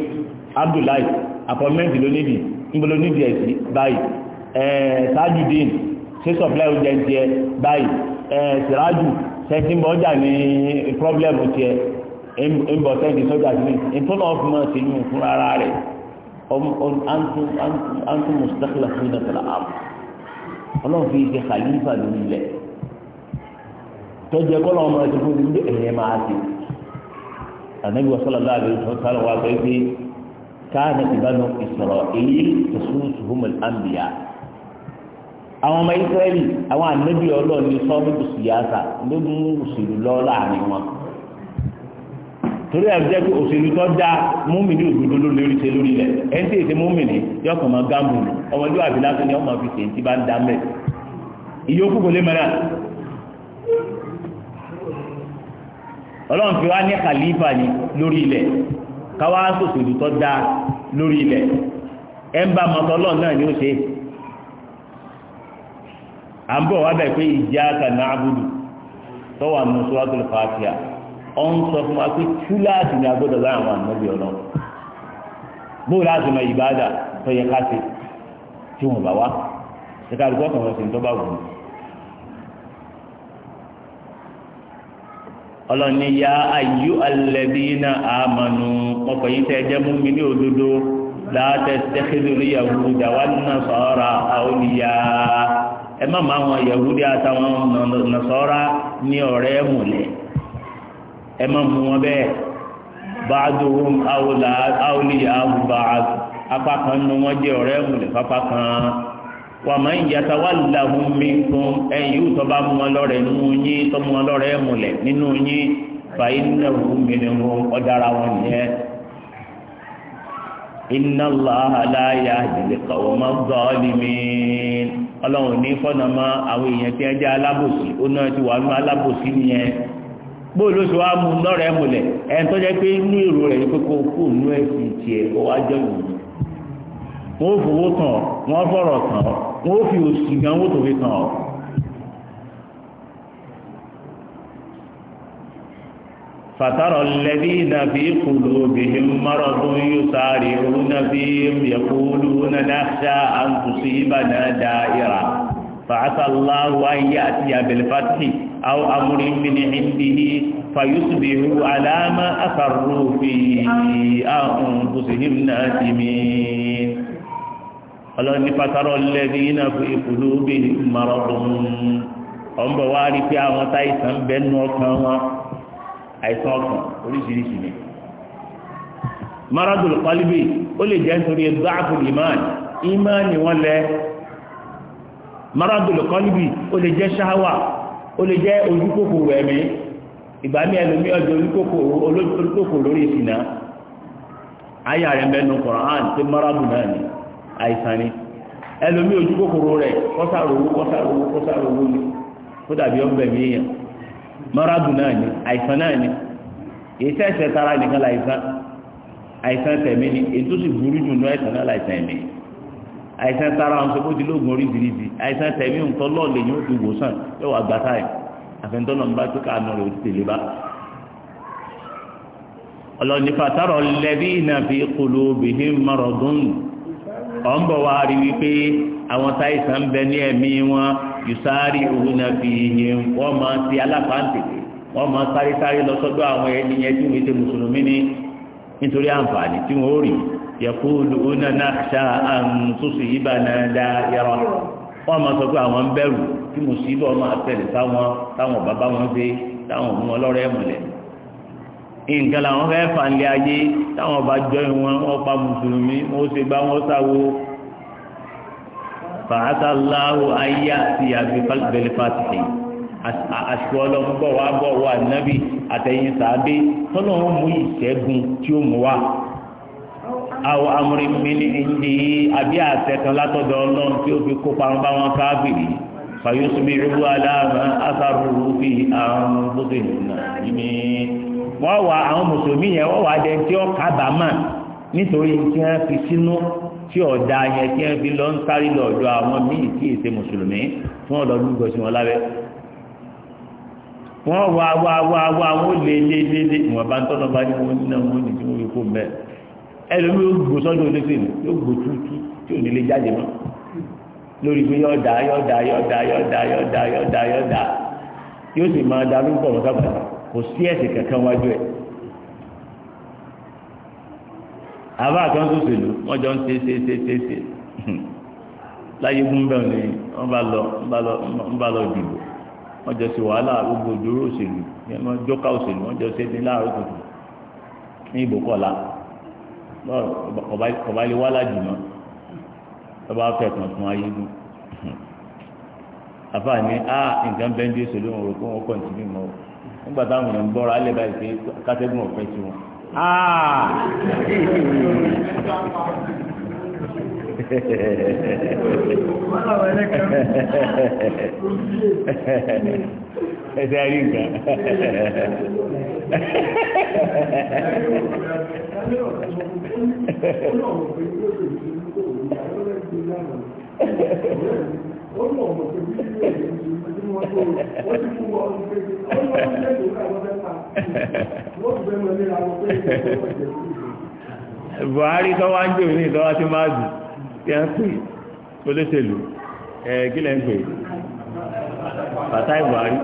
Abdullahi apọ́mẹ́ntì ló níbi níbo ló níbi ẹ̀sìn báyìí ẹ̀ẹ́d ṣé sọ̀fúnlẹ̀ oúnjẹ ń tiẹ̀ báyìí ẹ̀ sìrájù sẹ́ńtì bọ́jà ní pírọ́blẹ́mù tiẹ̀ ń bọ̀ sẹ́ńtì sọ́jà sí mi ìtọ́nà ọ̀fun máa ti yún fún ara rẹ̀ antum mustaqila fún ìdàkọ̀lá ààbò ọlọ́run fi ṣe khalifa lórí ilẹ̀ tọ́jú ẹ̀kọ́ lọ́wọ́ máa ti fún mi ẹ̀yẹ máa ti ànábi wasala láàbí sọ́kàlù wa pé pé káà àwọn ọmọ Ísírẹ́lì àwọn ànábì Ọlọ́run ní sọ́ọ́bù síyáṣà ló mú òṣèlú lọ láàrin wọn torí ẹ̀ jẹ́ pé òṣèlú tó dá múmìnì òdodo ló lórí ṣe lórí rẹ̀ ẹni tí èsì múmìnì yóò kàn máa gáàmù ni ọmọ fi ṣèǹtì bá ń dá mẹ́ fi wá à ń bọ̀ wá bẹ̀ pé iyyaka na'budu tọ́wọ́ àmì suratul Fatiha ọ̀ ń sọ fún wa pé túláàsì ni agbọ́dọ̀ láwọn ànábì ọlọ́run bóòlù àti ọmọ ìbáàdà tó yẹ ká ṣe tí wọn bá wá ṣẹ̀ka àdúgbò kan wọn sì ń tọ́ bá wù ya ayú alẹ́bíínà àmànù ọkọ̀ yìí tẹ́ jẹ́ mú mi ní òdodo láti ṣẹ́kẹ́dùn níyàwó dàwọn náà sọ̀rọ̀ àwọn ìyá ẹ má máa wọn yahudi àtàwọn nasọ́ra ní ọ̀rẹ́ mọ̀lẹ́ ẹ má mú wọn bẹ́ẹ̀ ba'duhum awliya'u ba'd apá kan nu wọn jẹ́ ọ̀rẹ́ mọ̀lẹ́ pápá kan wa man yatawallahum minkum ẹ̀yìn yóò tọ́ bá mú wọn lọ́rẹ̀ nínú yín tọ́ mú wọn lọ́rẹ̀ mọ̀lẹ́ nínú yín fa innahu minhum ọ̀dára wọn nìyẹn inna Allaha la yahdi al-qawma adh-dhalimin ọlọ́run ní fọ́nà mọ́ àwọn èèyàn tí ẹ jẹ́ alábòsí ó náà ti wà ní alábòsí nìyẹn bó ló ṣe wá mú lọ́rẹ̀ múlẹ̀ ẹni tó jẹ́ pé inú ìrò rẹ̀ pé kó kú nú ẹ̀sìn tiẹ̀ kó wá jọ ìwòye wọ́n fowó tàn wọ́n fọ̀rọ̀ tàn wọ́n fi òsì gan wọ́n tó fi tàn ọ́ فترى الذين في قلوبهم مرض يسارعون فيهم يقولون نخشى أن تصيبنا دائرة فعسى الله أن يأتي بالفتح أو أمر من عنده فيصبحوا على ما أسروا في أنفسهم نادمين ọlọ́ni pàtàrọ̀ lẹ́bí iná fún ìkùlù obìnrin mọ̀rọ̀dùn ọmọ wa rí pé àwọn táìsàn bẹ́nu ọkàn wọn àìsàn ọkàn oríṣiríṣi ni maradul qalbi ó lè jẹ́ nítorí dáàbò iman iman ni wọ́n lẹ maradul qalbi ó lè jẹ́ ṣáwà ó lè jẹ́ ojúkòkòrò ẹ̀mí ìgbà ní ẹlòmí ọjọ́ ojúkòkòrò lórí ìsìnà ayé rẹ̀ mẹ́nu Kùránì tí maradul náà ni àìsàn ni ẹlòmí ojúkòkòrò rẹ̀ kọ́sàrò owó kọ́sàrò owó kọ́sàrò owó ni ó dàbí mọ́ràdù náà ni àìsàn náà ni èyí tẹ́sẹ̀ tara nìkan láìsàn àìsàn tẹ̀mí ni èyí tó sì burú jù ní àìsàn náà láìsàn ẹ̀mí àìsàn tara àwọn sọ́kó ti lóògùn orí ìdìrídì àìsàn tẹ̀mí nǹkan lọ́ọ̀lẹ̀ yóò fi wòsàn yóò wà gbàtà ẹ̀ àfẹ́ntọ́nà ń bá tó káàánú rẹ̀ ó ti tẹ̀lé bá ọlọ́ni fàtàrọ̀ lẹ́bí ìnàfi kòlóbìhí mọ́rọ̀dún ọ̀nbọ̀ wa rí wípé àwọn táìsàn ń bẹ ní ẹ̀mí wọn yusari òhunà fìhì wọ́n máa ti alápáǹtẹ̀kẹ̀ wọ́n máa sáré sáré lọ sọ́dọ̀ àwọn ẹni yẹn tí wọ́n ti mùsùlùmí ni nítorí àǹfààní tí wọ́n rí yẹ̀kúlù òhunà nàṣà àǹtúnṣe ìbànà dá yẹrọ wọ́n máa sọ pé àwọn ń bẹ̀rù tí mùsùlùmí ọmọ àtẹ̀lẹ̀ táwọn táwọn bàbá wọn ṣe táwọn ọmọ ọlọ́rẹ́ mọ̀lẹ́ nǹkan làwọn fẹ́ fà ń lé ayé táwọn bá jọ ìwọn wọn pa mùsùlùmí wọn ó ṣe bá wọn sáwo fàásà láwù ayé àti àbíkọ́lẹ̀ fàtìkì àṣù ọlọ́mọbọ̀ wa bọ̀ wà nábì àtẹ̀yìn sàábé tọ́nà ó mú ìṣẹ́gun tí ó mú wa àwọn amúrin mi ní ìdí àbí àtẹ̀kan látọ̀dọ̀ ọlọ́run tí ó fi kópa ń bá wọn káàbìrì fàyọ́sùmíìrú aláàmà afárúurú fi àwọn bóde nìyà yìí wọ́n wà àwọn mùsùlùmí yẹn wọ́n wà dẹ́ntí ọ̀kábàámà nítorí tí wọ́n fi sínú tí ọ̀dà yẹn tí ẹ fi lọ ń sáré lọ ọ̀dọ̀ àwọn míì tí èsè mùsùlùmí fún ọ̀dọ̀ lúgọ sí wọn lábẹ́ wọ́n wá wá wá wá wọ́n lé lé lé lé ìwọ̀n bá ń tọ́nà bá ní wọn nínú wọn ní tí wọ́n fi kó mẹ́ ẹlòmíì yóò gbó sọ́dọ̀ olóṣèlú yóò gbó tútú tí ò ní lè jáde mọ́ lórí pé yọ̀ọ̀dà yọ̀ọ̀dà yọ̀ọ̀dà yọ̀ọ̀dà yọ̀ọ̀dà yọ̀ọ̀dà yọ̀ọ̀dà yóò sì máa darúgbọ̀ wọn sábà kò sí ẹ̀sìn kankan wájú ẹ̀ àbá àtọ́ tó sèlú wọ́n jọ ń ṣe ṣe ṣe ṣe ṣe láyé gún bẹ́ẹ̀ ni wọ́n bá lọ wọ́n bá lọ dìbò wọ́n jọ ṣe wàhálà gbogbo ìdúró òṣèlú wọ́n jọ́ká òṣèlú wọ́n jọ ṣe ní láàárọ̀ tuntun ní ìbò kọ́lá kọ̀bá ilé wàhálà jù mọ́ tọ́ba fẹ́ kàn fún ayé gún àfa ni a nǹkan bẹ́ẹ̀ ń dé òṣèlú wọn rò pé wọ́n kọ̀ ní tìbí mọ́ nígbà táwọn èèyàn ń bọ́ra alẹ́ báyìí pé kátẹ́gùn ọ̀fẹ́ sí wọn. Ah. ẹ̀sẹ̀ rí nǹkan Thank you ó mọ̀ mọ̀ pé bí Buhari tó wá ń jò ní ìtọ́wá tí máa dùn tí a ń pè olóṣèlú kí lẹ́ ń pè Fatai Buhari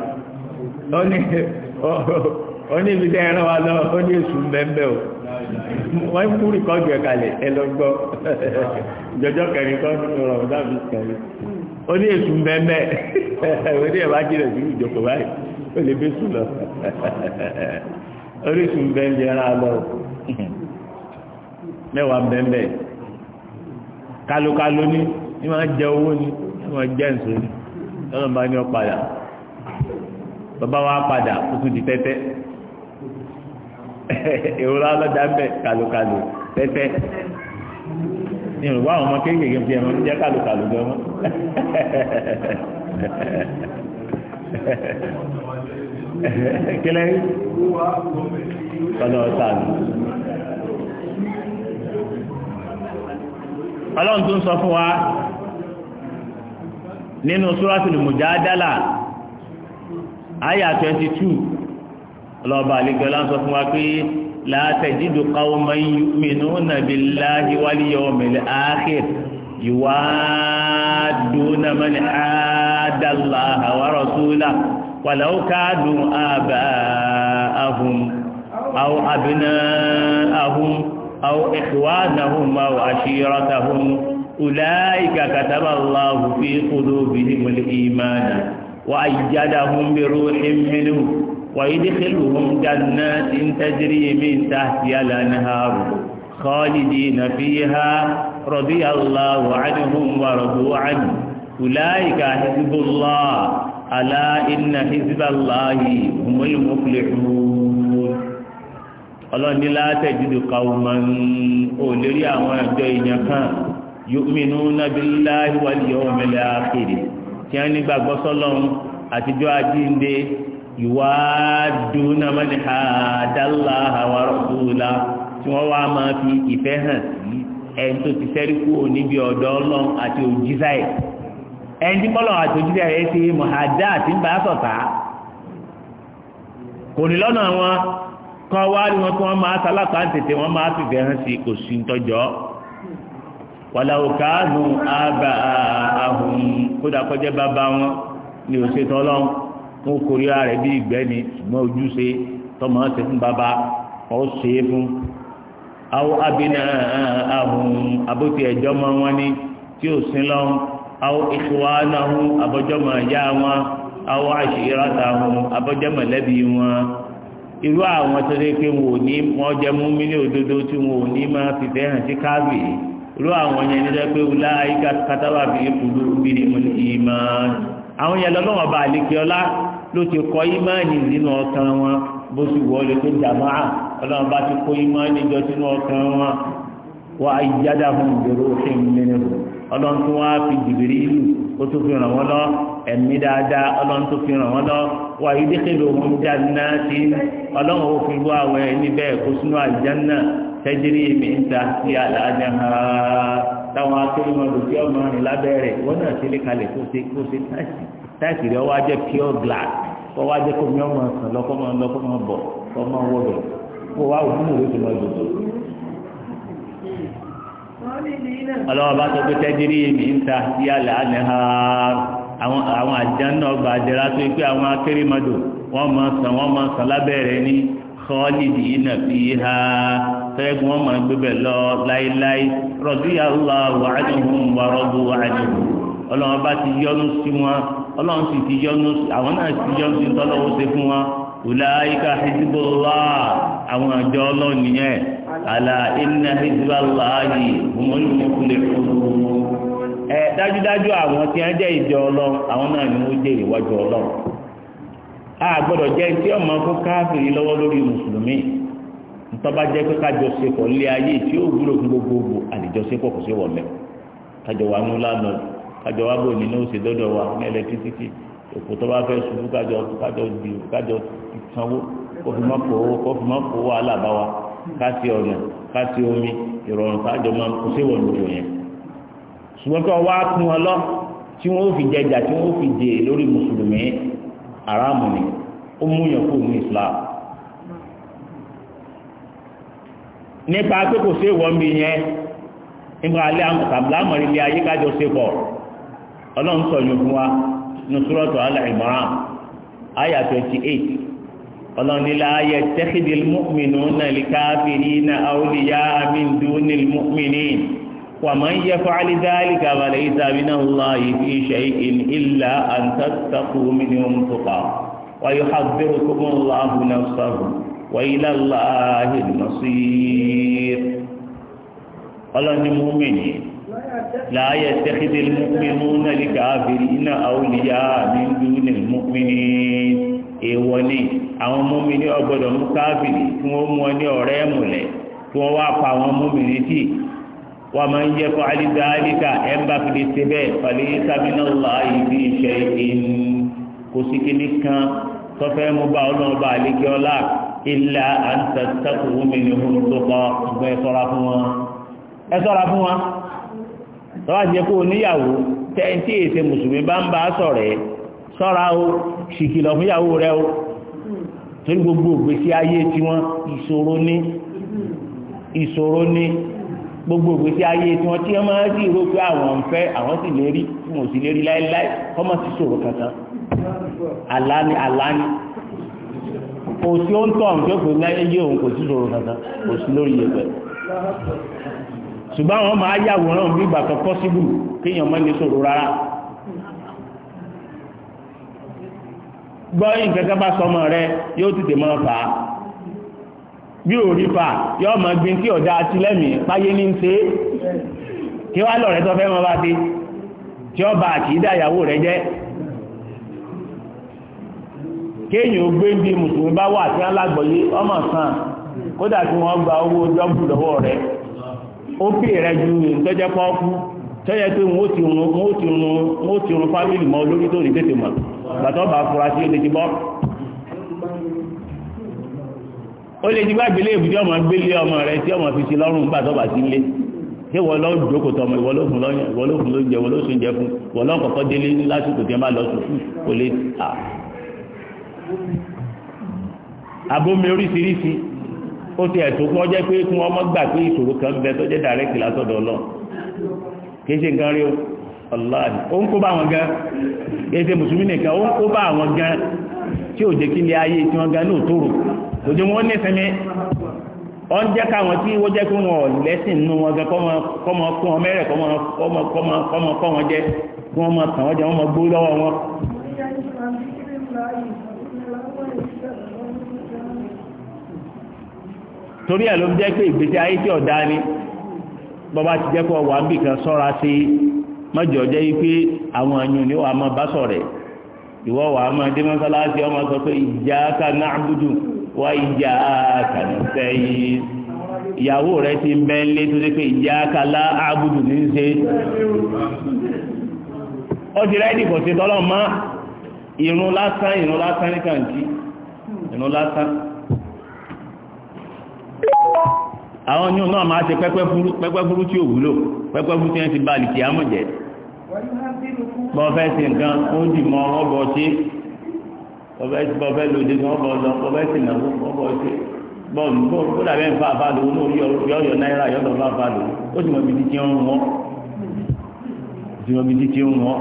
ó ní ibi tẹ́ ẹran wa lọ ó ní èṣù ń o wọ́n ń kúrì kọ́jú ẹ̀kalẹ̀ ẹlọ́gbọ́ jọjọ́ kẹrin kọ́ nínú ọ̀rọ̀ kẹrin ó ní èsù mẹ́mẹ́ orí ẹ̀bá jìnà sí ìjọkọ̀ báyìí ó lè bí sùn lọ orísun bẹ́ẹ̀ ara mẹ́wàá kálukálu ní ní jẹ owó ní ní jẹ nsọ ní ìrora ọlọ́dà ń bẹ̀ kàlùkàlù tẹ́tẹ́ ìrùbá ọmọ kéékèèké fi ẹ̀mọ́ jẹ́ kàlùkàlù gan mọ́ kílẹ̀ ọlọ́ sàánù ọlọ́run tó ń sọ fún wa nínú àyà 22 ọlọ́ọ̀bá àlejò láńsọ fún wa pé látẹ̀jídò káwọ́mọ́ yu'minuna billahi wal yawmil akhir ìwà dúnà man hadda Allaha wa rasulahu walau kanu aba'ahum aw abna'ahum aw ikhwanahum aw ashiratahum ulaika kataba ويدخلهم جنات تجري من تحتها الأنهار خالدين فيها رضي الله عنهم ورضوا عنه أولئك حزب الله ألا إن حزب الله هم المفلحون ọlọ́run ní látẹ̀júdù kàwùmọ̀n olórí àwọn àjọ èèyàn kan yu'minuna billahi wal yawmil akhir tí wọ́n nígbàgbọ́ sọ́lọ́run àtijọ́ àjíǹde yuwaaduna man hadallaha wa rasulahu tí wọ́n wá máa fi ìfẹ́ hàn sí ẹni tó ti sẹ́rí kúrò níbi ọ̀dọ̀ ọlọ́run àti òjíṣẹ́ ẹ̀ ẹni tí bọ́lọ̀ àti òjíṣẹ́ rẹ̀ ti mọ̀hádá àti ń bá sọ̀tà kò ní lọ́nà wọn kọ́ wá ní wọn kí wọ́n máa sálápá tètè wọ́n máa fìfẹ́ hàn sí kò sí tọ́jọ́ wàláwò àbà àhùn kódà kọjá bàbá wọn ni ò wọn ò kórìíra rẹ̀ bí ìgbẹ́ni ṣùgbọ́n tọmọ fún bàbá ọ̀ ṣe é awo abina ahun aboti ẹjọ mọ wọn ni tí ó sin lọ́hùn awo ìṣòwò anáhùn abọ́jọ́mọ̀ ẹ̀yà wọn awo àṣírata ahun wọn irú àwọn tó dé pé wọn ò ní wọn jẹ mú wọn ò ní máa fi hàn sí káàbì irú àwọn yẹn ní wúlá ló ti kọ́ ìmáàní nínú ọkàn wọn bó ti wọlé tó jàmáà ọlọ́run bá ti kó ìmáàní jọ sínú ọkàn wọn wọ́n ayíjáda fún ìgbèrò òfin nínú ọlọ́run tó wá fi jìbìrì ìlú ó tó fi ràn wọ́n lọ ẹ̀mí dáadáa ọlọ́run tó fi ràn wọ́n lọ wà táìsì rẹ̀ wá jẹ́ pure glass kọ́ wá jẹ́ kómi ọmọ ọ̀sán lọ́kọ́ máa lọ́kọ́ máa bọ̀ kọ́ máa wọ̀ kó wá òfin òwe tó lọ dòdò. ọlọ́wọ́ bá sọ pé tẹ́jírí mi ń ta yálà ní ha àwọn àwọn náà gba àjẹrà tó yẹ pé àwọn akérèmọdò wọn máa sàn wọn máa sàn lábẹ́rẹ́ ní kọ́ọ̀lìdì iná fi ha fẹ́ẹ́gun wọn máa gbébẹ̀ lọ láéláé rọ̀dúyà Allah wàhánihùn wàrọ̀dù wàhánihùn ọlọ́wọ́ bá ti yọ́nú ọlọ́run sì ti yọnu àwọn náà ti yọnu sí tọ́lọ́wọ́ ṣe fún wọn ulaika hizbullah àwọn àjọ ọlọ́run nìyẹn àlà inna hizballahi humul muflihun ẹ dájúdájú àwọn tí wọ́n jẹ́ ìjọ ọlọ́run àwọn náà ni wọ́n jẹ́ ìwájú ọlọ́run a gbọ́dọ̀ jẹ́ tí ọmọ fún káfíìrì lọ́wọ́ lórí mùsùlùmí ntọ́ba jẹ́ pé kájọṣepọ̀ lé ayé tí ó wúlò fún gbogbogbò àlìjọṣepọ̀ kò sí wọ̀mẹ́ kájọ wà ní lánàá kájọ wá bò nínú òsè dọ́dọ̀ wa ní ẹlẹtírísítì òkú tó bá fẹ́ ṣubú kájọ kájọ di kájọ sanwó kó fi mọ́ kó kó fi mọ́ kó wàhálà bá wa káàsì ọ̀nà káàsì omi ìrọ̀rùn kájọ máa kó sí wọn lóko yẹn. ṣùgbọ́n kí wọ́n wá kún wọn lọ tí wọ́n fi jẹjà tí wọ́n fi dè lórí mùsùlùmí aráàmù ni ó mú yàn kó ní Islam. nípa pé kò sí ìwọ́n mi yẹn nípa alẹ́ àmọ̀ tàbí lámọ̀ ilé ayé kájọ ṣe pọ̀ ọlọ́run sọ yóò fún wa nusrọ́tò alàìmọ́ràn àyà twenty eight ọlọ́run ní láàyè tẹ́kìdì mọ́mìnú náà lè káfíìrì náà àwòlíyá àmìndú ní mọ́mìnì wàmọ́ yẹ fàálí dáálì kàbàlẹ̀ ìsàbí náà wọ́n fi ṣe ìní ìlà àǹtàkùn mìíràn tó pa wàyí kó mọ́ láàbù náà sọ̀rọ̀ wàyí lálàá hìlmọ́sí ọlọ́run ní mọ́mìnì لا يتخذ المؤمنون الكافرين أولياء من دون المؤمنين èèwọ̀ ni àwọn mùmínì ọgbọ́dọ̀ mú káfìrí tí wọ́n mú ọ ní ọ̀rẹ́ mùlẹ̀ tí wọ́n wá pa àwọn mùmínì tì wọ́n máa ń yẹ fún alidaalika ẹ̀ńbà fìdí síbẹ̀ pàlẹ́ sàmínà ọ̀la ìdí iṣẹ́ kò sí kíní kan tọ́fẹ́ mú bá ọlọ́run bá àlékè ọlá ilà àǹtàtàkùn mùmínì tó kọ́ ṣùgbọ́n ẹ tọ́wá jẹ́ kó oníyàwó tẹ́ntí èsè mùsùlùmí bá ń bá sọ̀rẹ́ sọ́ra o ṣìkìlọ̀ fún ìyàwó rẹ o torí gbogbo ògbésí ayé tiwọn ìṣòro ní ìṣòro ní gbogbo ògbésí ayé tiwọn tí wọ́n máa ń rí ìró pé àwọn ń fẹ́ àwọn sì lè rí fún òsì lè rí láéláé kọ́mọ̀ sí ṣòro kankan àlá ni àlá ni kò sí ó ń tọ̀ ǹjẹ́ kò ní ayé yé òun kò sí ṣòro kankan kò sí lórí yẹpẹ̀ ṣùgbọ́n àwọn máa yàwòrán bí ìgbà pọ́síbù kéèyàn mọ́ ní sọ̀rọ̀ rárá gbọ́ yìí sọmọ rẹ yóò tètè mọ́ fà á bí ò rí fà yóò mọ gbin tí lẹ́mìí páyé ní ń ṣe kí wá lọ̀rẹ́ tó fẹ́ mọ́ bá rẹ jẹ́ kéèyàn ó gbé bí mùsùlùmí bá wà alágbọ̀yé ọmọ sàn kódà tí wọ́n owó lọ́wọ́ rẹ̀ ó pè rẹ ju ìtọ́jẹ́ pọ́ọ́kú tọ́jẹ́ pé wọ́n ti rún wọ́n ti rún wọ́n ti rún fámìlì mọ́ olórí tó ní tètè mọ̀ bàtọ́ bá fura sí ó lè ti bọ́ ó lè ti bá gbélé ìbùdí ọmọ gbélé ọmọ rẹ tí ọmọ fi ti lọ́rùn nígbà tó bá sí ilé ṣé wọ́n lọ jókòó tọmọ ìwọ ló fún lọ́yìn ìwọ ló fún ló jẹ ìwọ ó ti ẹ̀tọ́ pọ́ jẹ́ pé kí wọ́n gbà pé ìṣòro kan bẹ tó jẹ́ dàrẹ́kì látọ̀dọ̀ o ọláàdì ó ń kó bá wọn gan kì í ṣe mùsùlùmí nìkan ó ń kó bá wọn gan tí ò jẹ́ kí ilé ayé tí wọ́n gan ní òtòrò torí ẹ̀ ló ń jẹ́ pé ìgbésí ayé tí ọ̀dá ni bọ́bá ti jẹ́ pé ọwọ́ àbíkan sọ́ra sí mọ́jọ́ jẹ́ wípé àwọn ẹ̀yìn ni wàá máa bá sọ̀rẹ̀ ìwọ máa dé mọ́sálásí ọmọ sọ pé ìyàwó rẹ ti ń bẹ́ńlé tó dé pé iyyaka la a'budu ní í ṣe ó ti rẹ́ẹ̀dì kò sí tọ́lọ́ mọ́ ìrun lásán lásán ní lásán àwọn oníhùn náà máa ṣe pẹ́pẹ́ burú tí ò wúlò pẹ́pẹ́ burú tí wọ́n ti balì kí á mọ̀ jẹ́ bọ́fẹ́ sí nǹkan ó dì mọ́ ọgbọ̀ ṣe bọ́fẹ́ lòdì kan ọgbọ̀ lọ bọ́fẹ́ sí nà ọgbọ̀ ṣe bọ́ọ̀lù bó dàbẹ́ ń fa àfàlò olórí yọ̀ọ̀yọ̀ náírà yọ̀ọ̀dọ̀ fa àfàlò ó sì mọ̀ ibi títí ń wọ́n sì mọ̀ ibi títí ń wọ́n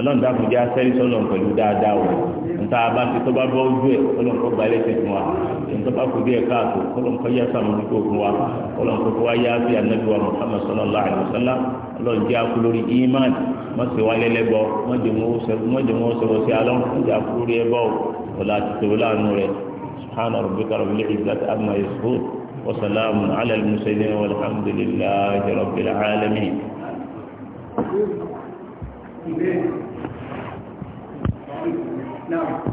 ọlọ́run dáàbò jẹ́ asẹ́rí sọ́lọ̀ pẹ̀lú dáadáa o nta bá ti tọ́ bá bọ́ ojú ẹ̀ ọlọ́run kọ́ gba ẹlẹ́sẹ̀ fún wa nta bá kò dé ẹ̀ka àtò ọlọ́run kọ́ yá sàmójú kò fún wa ọlọ́run kọ́ wá yá sí anabi wa muhammad sallallahu alayhi wa sallam ọlọ́run jẹ́ akú lórí iman wọ́n sì wá lẹ́lẹ́bọ wọ́n jẹ́ wọ́n sọ̀rọ̀ sí alọ́run wọ́n jẹ́ akú lórí ẹbọ ọ̀la ti tẹ̀wé rẹ̀ subhana ìbéèrè náà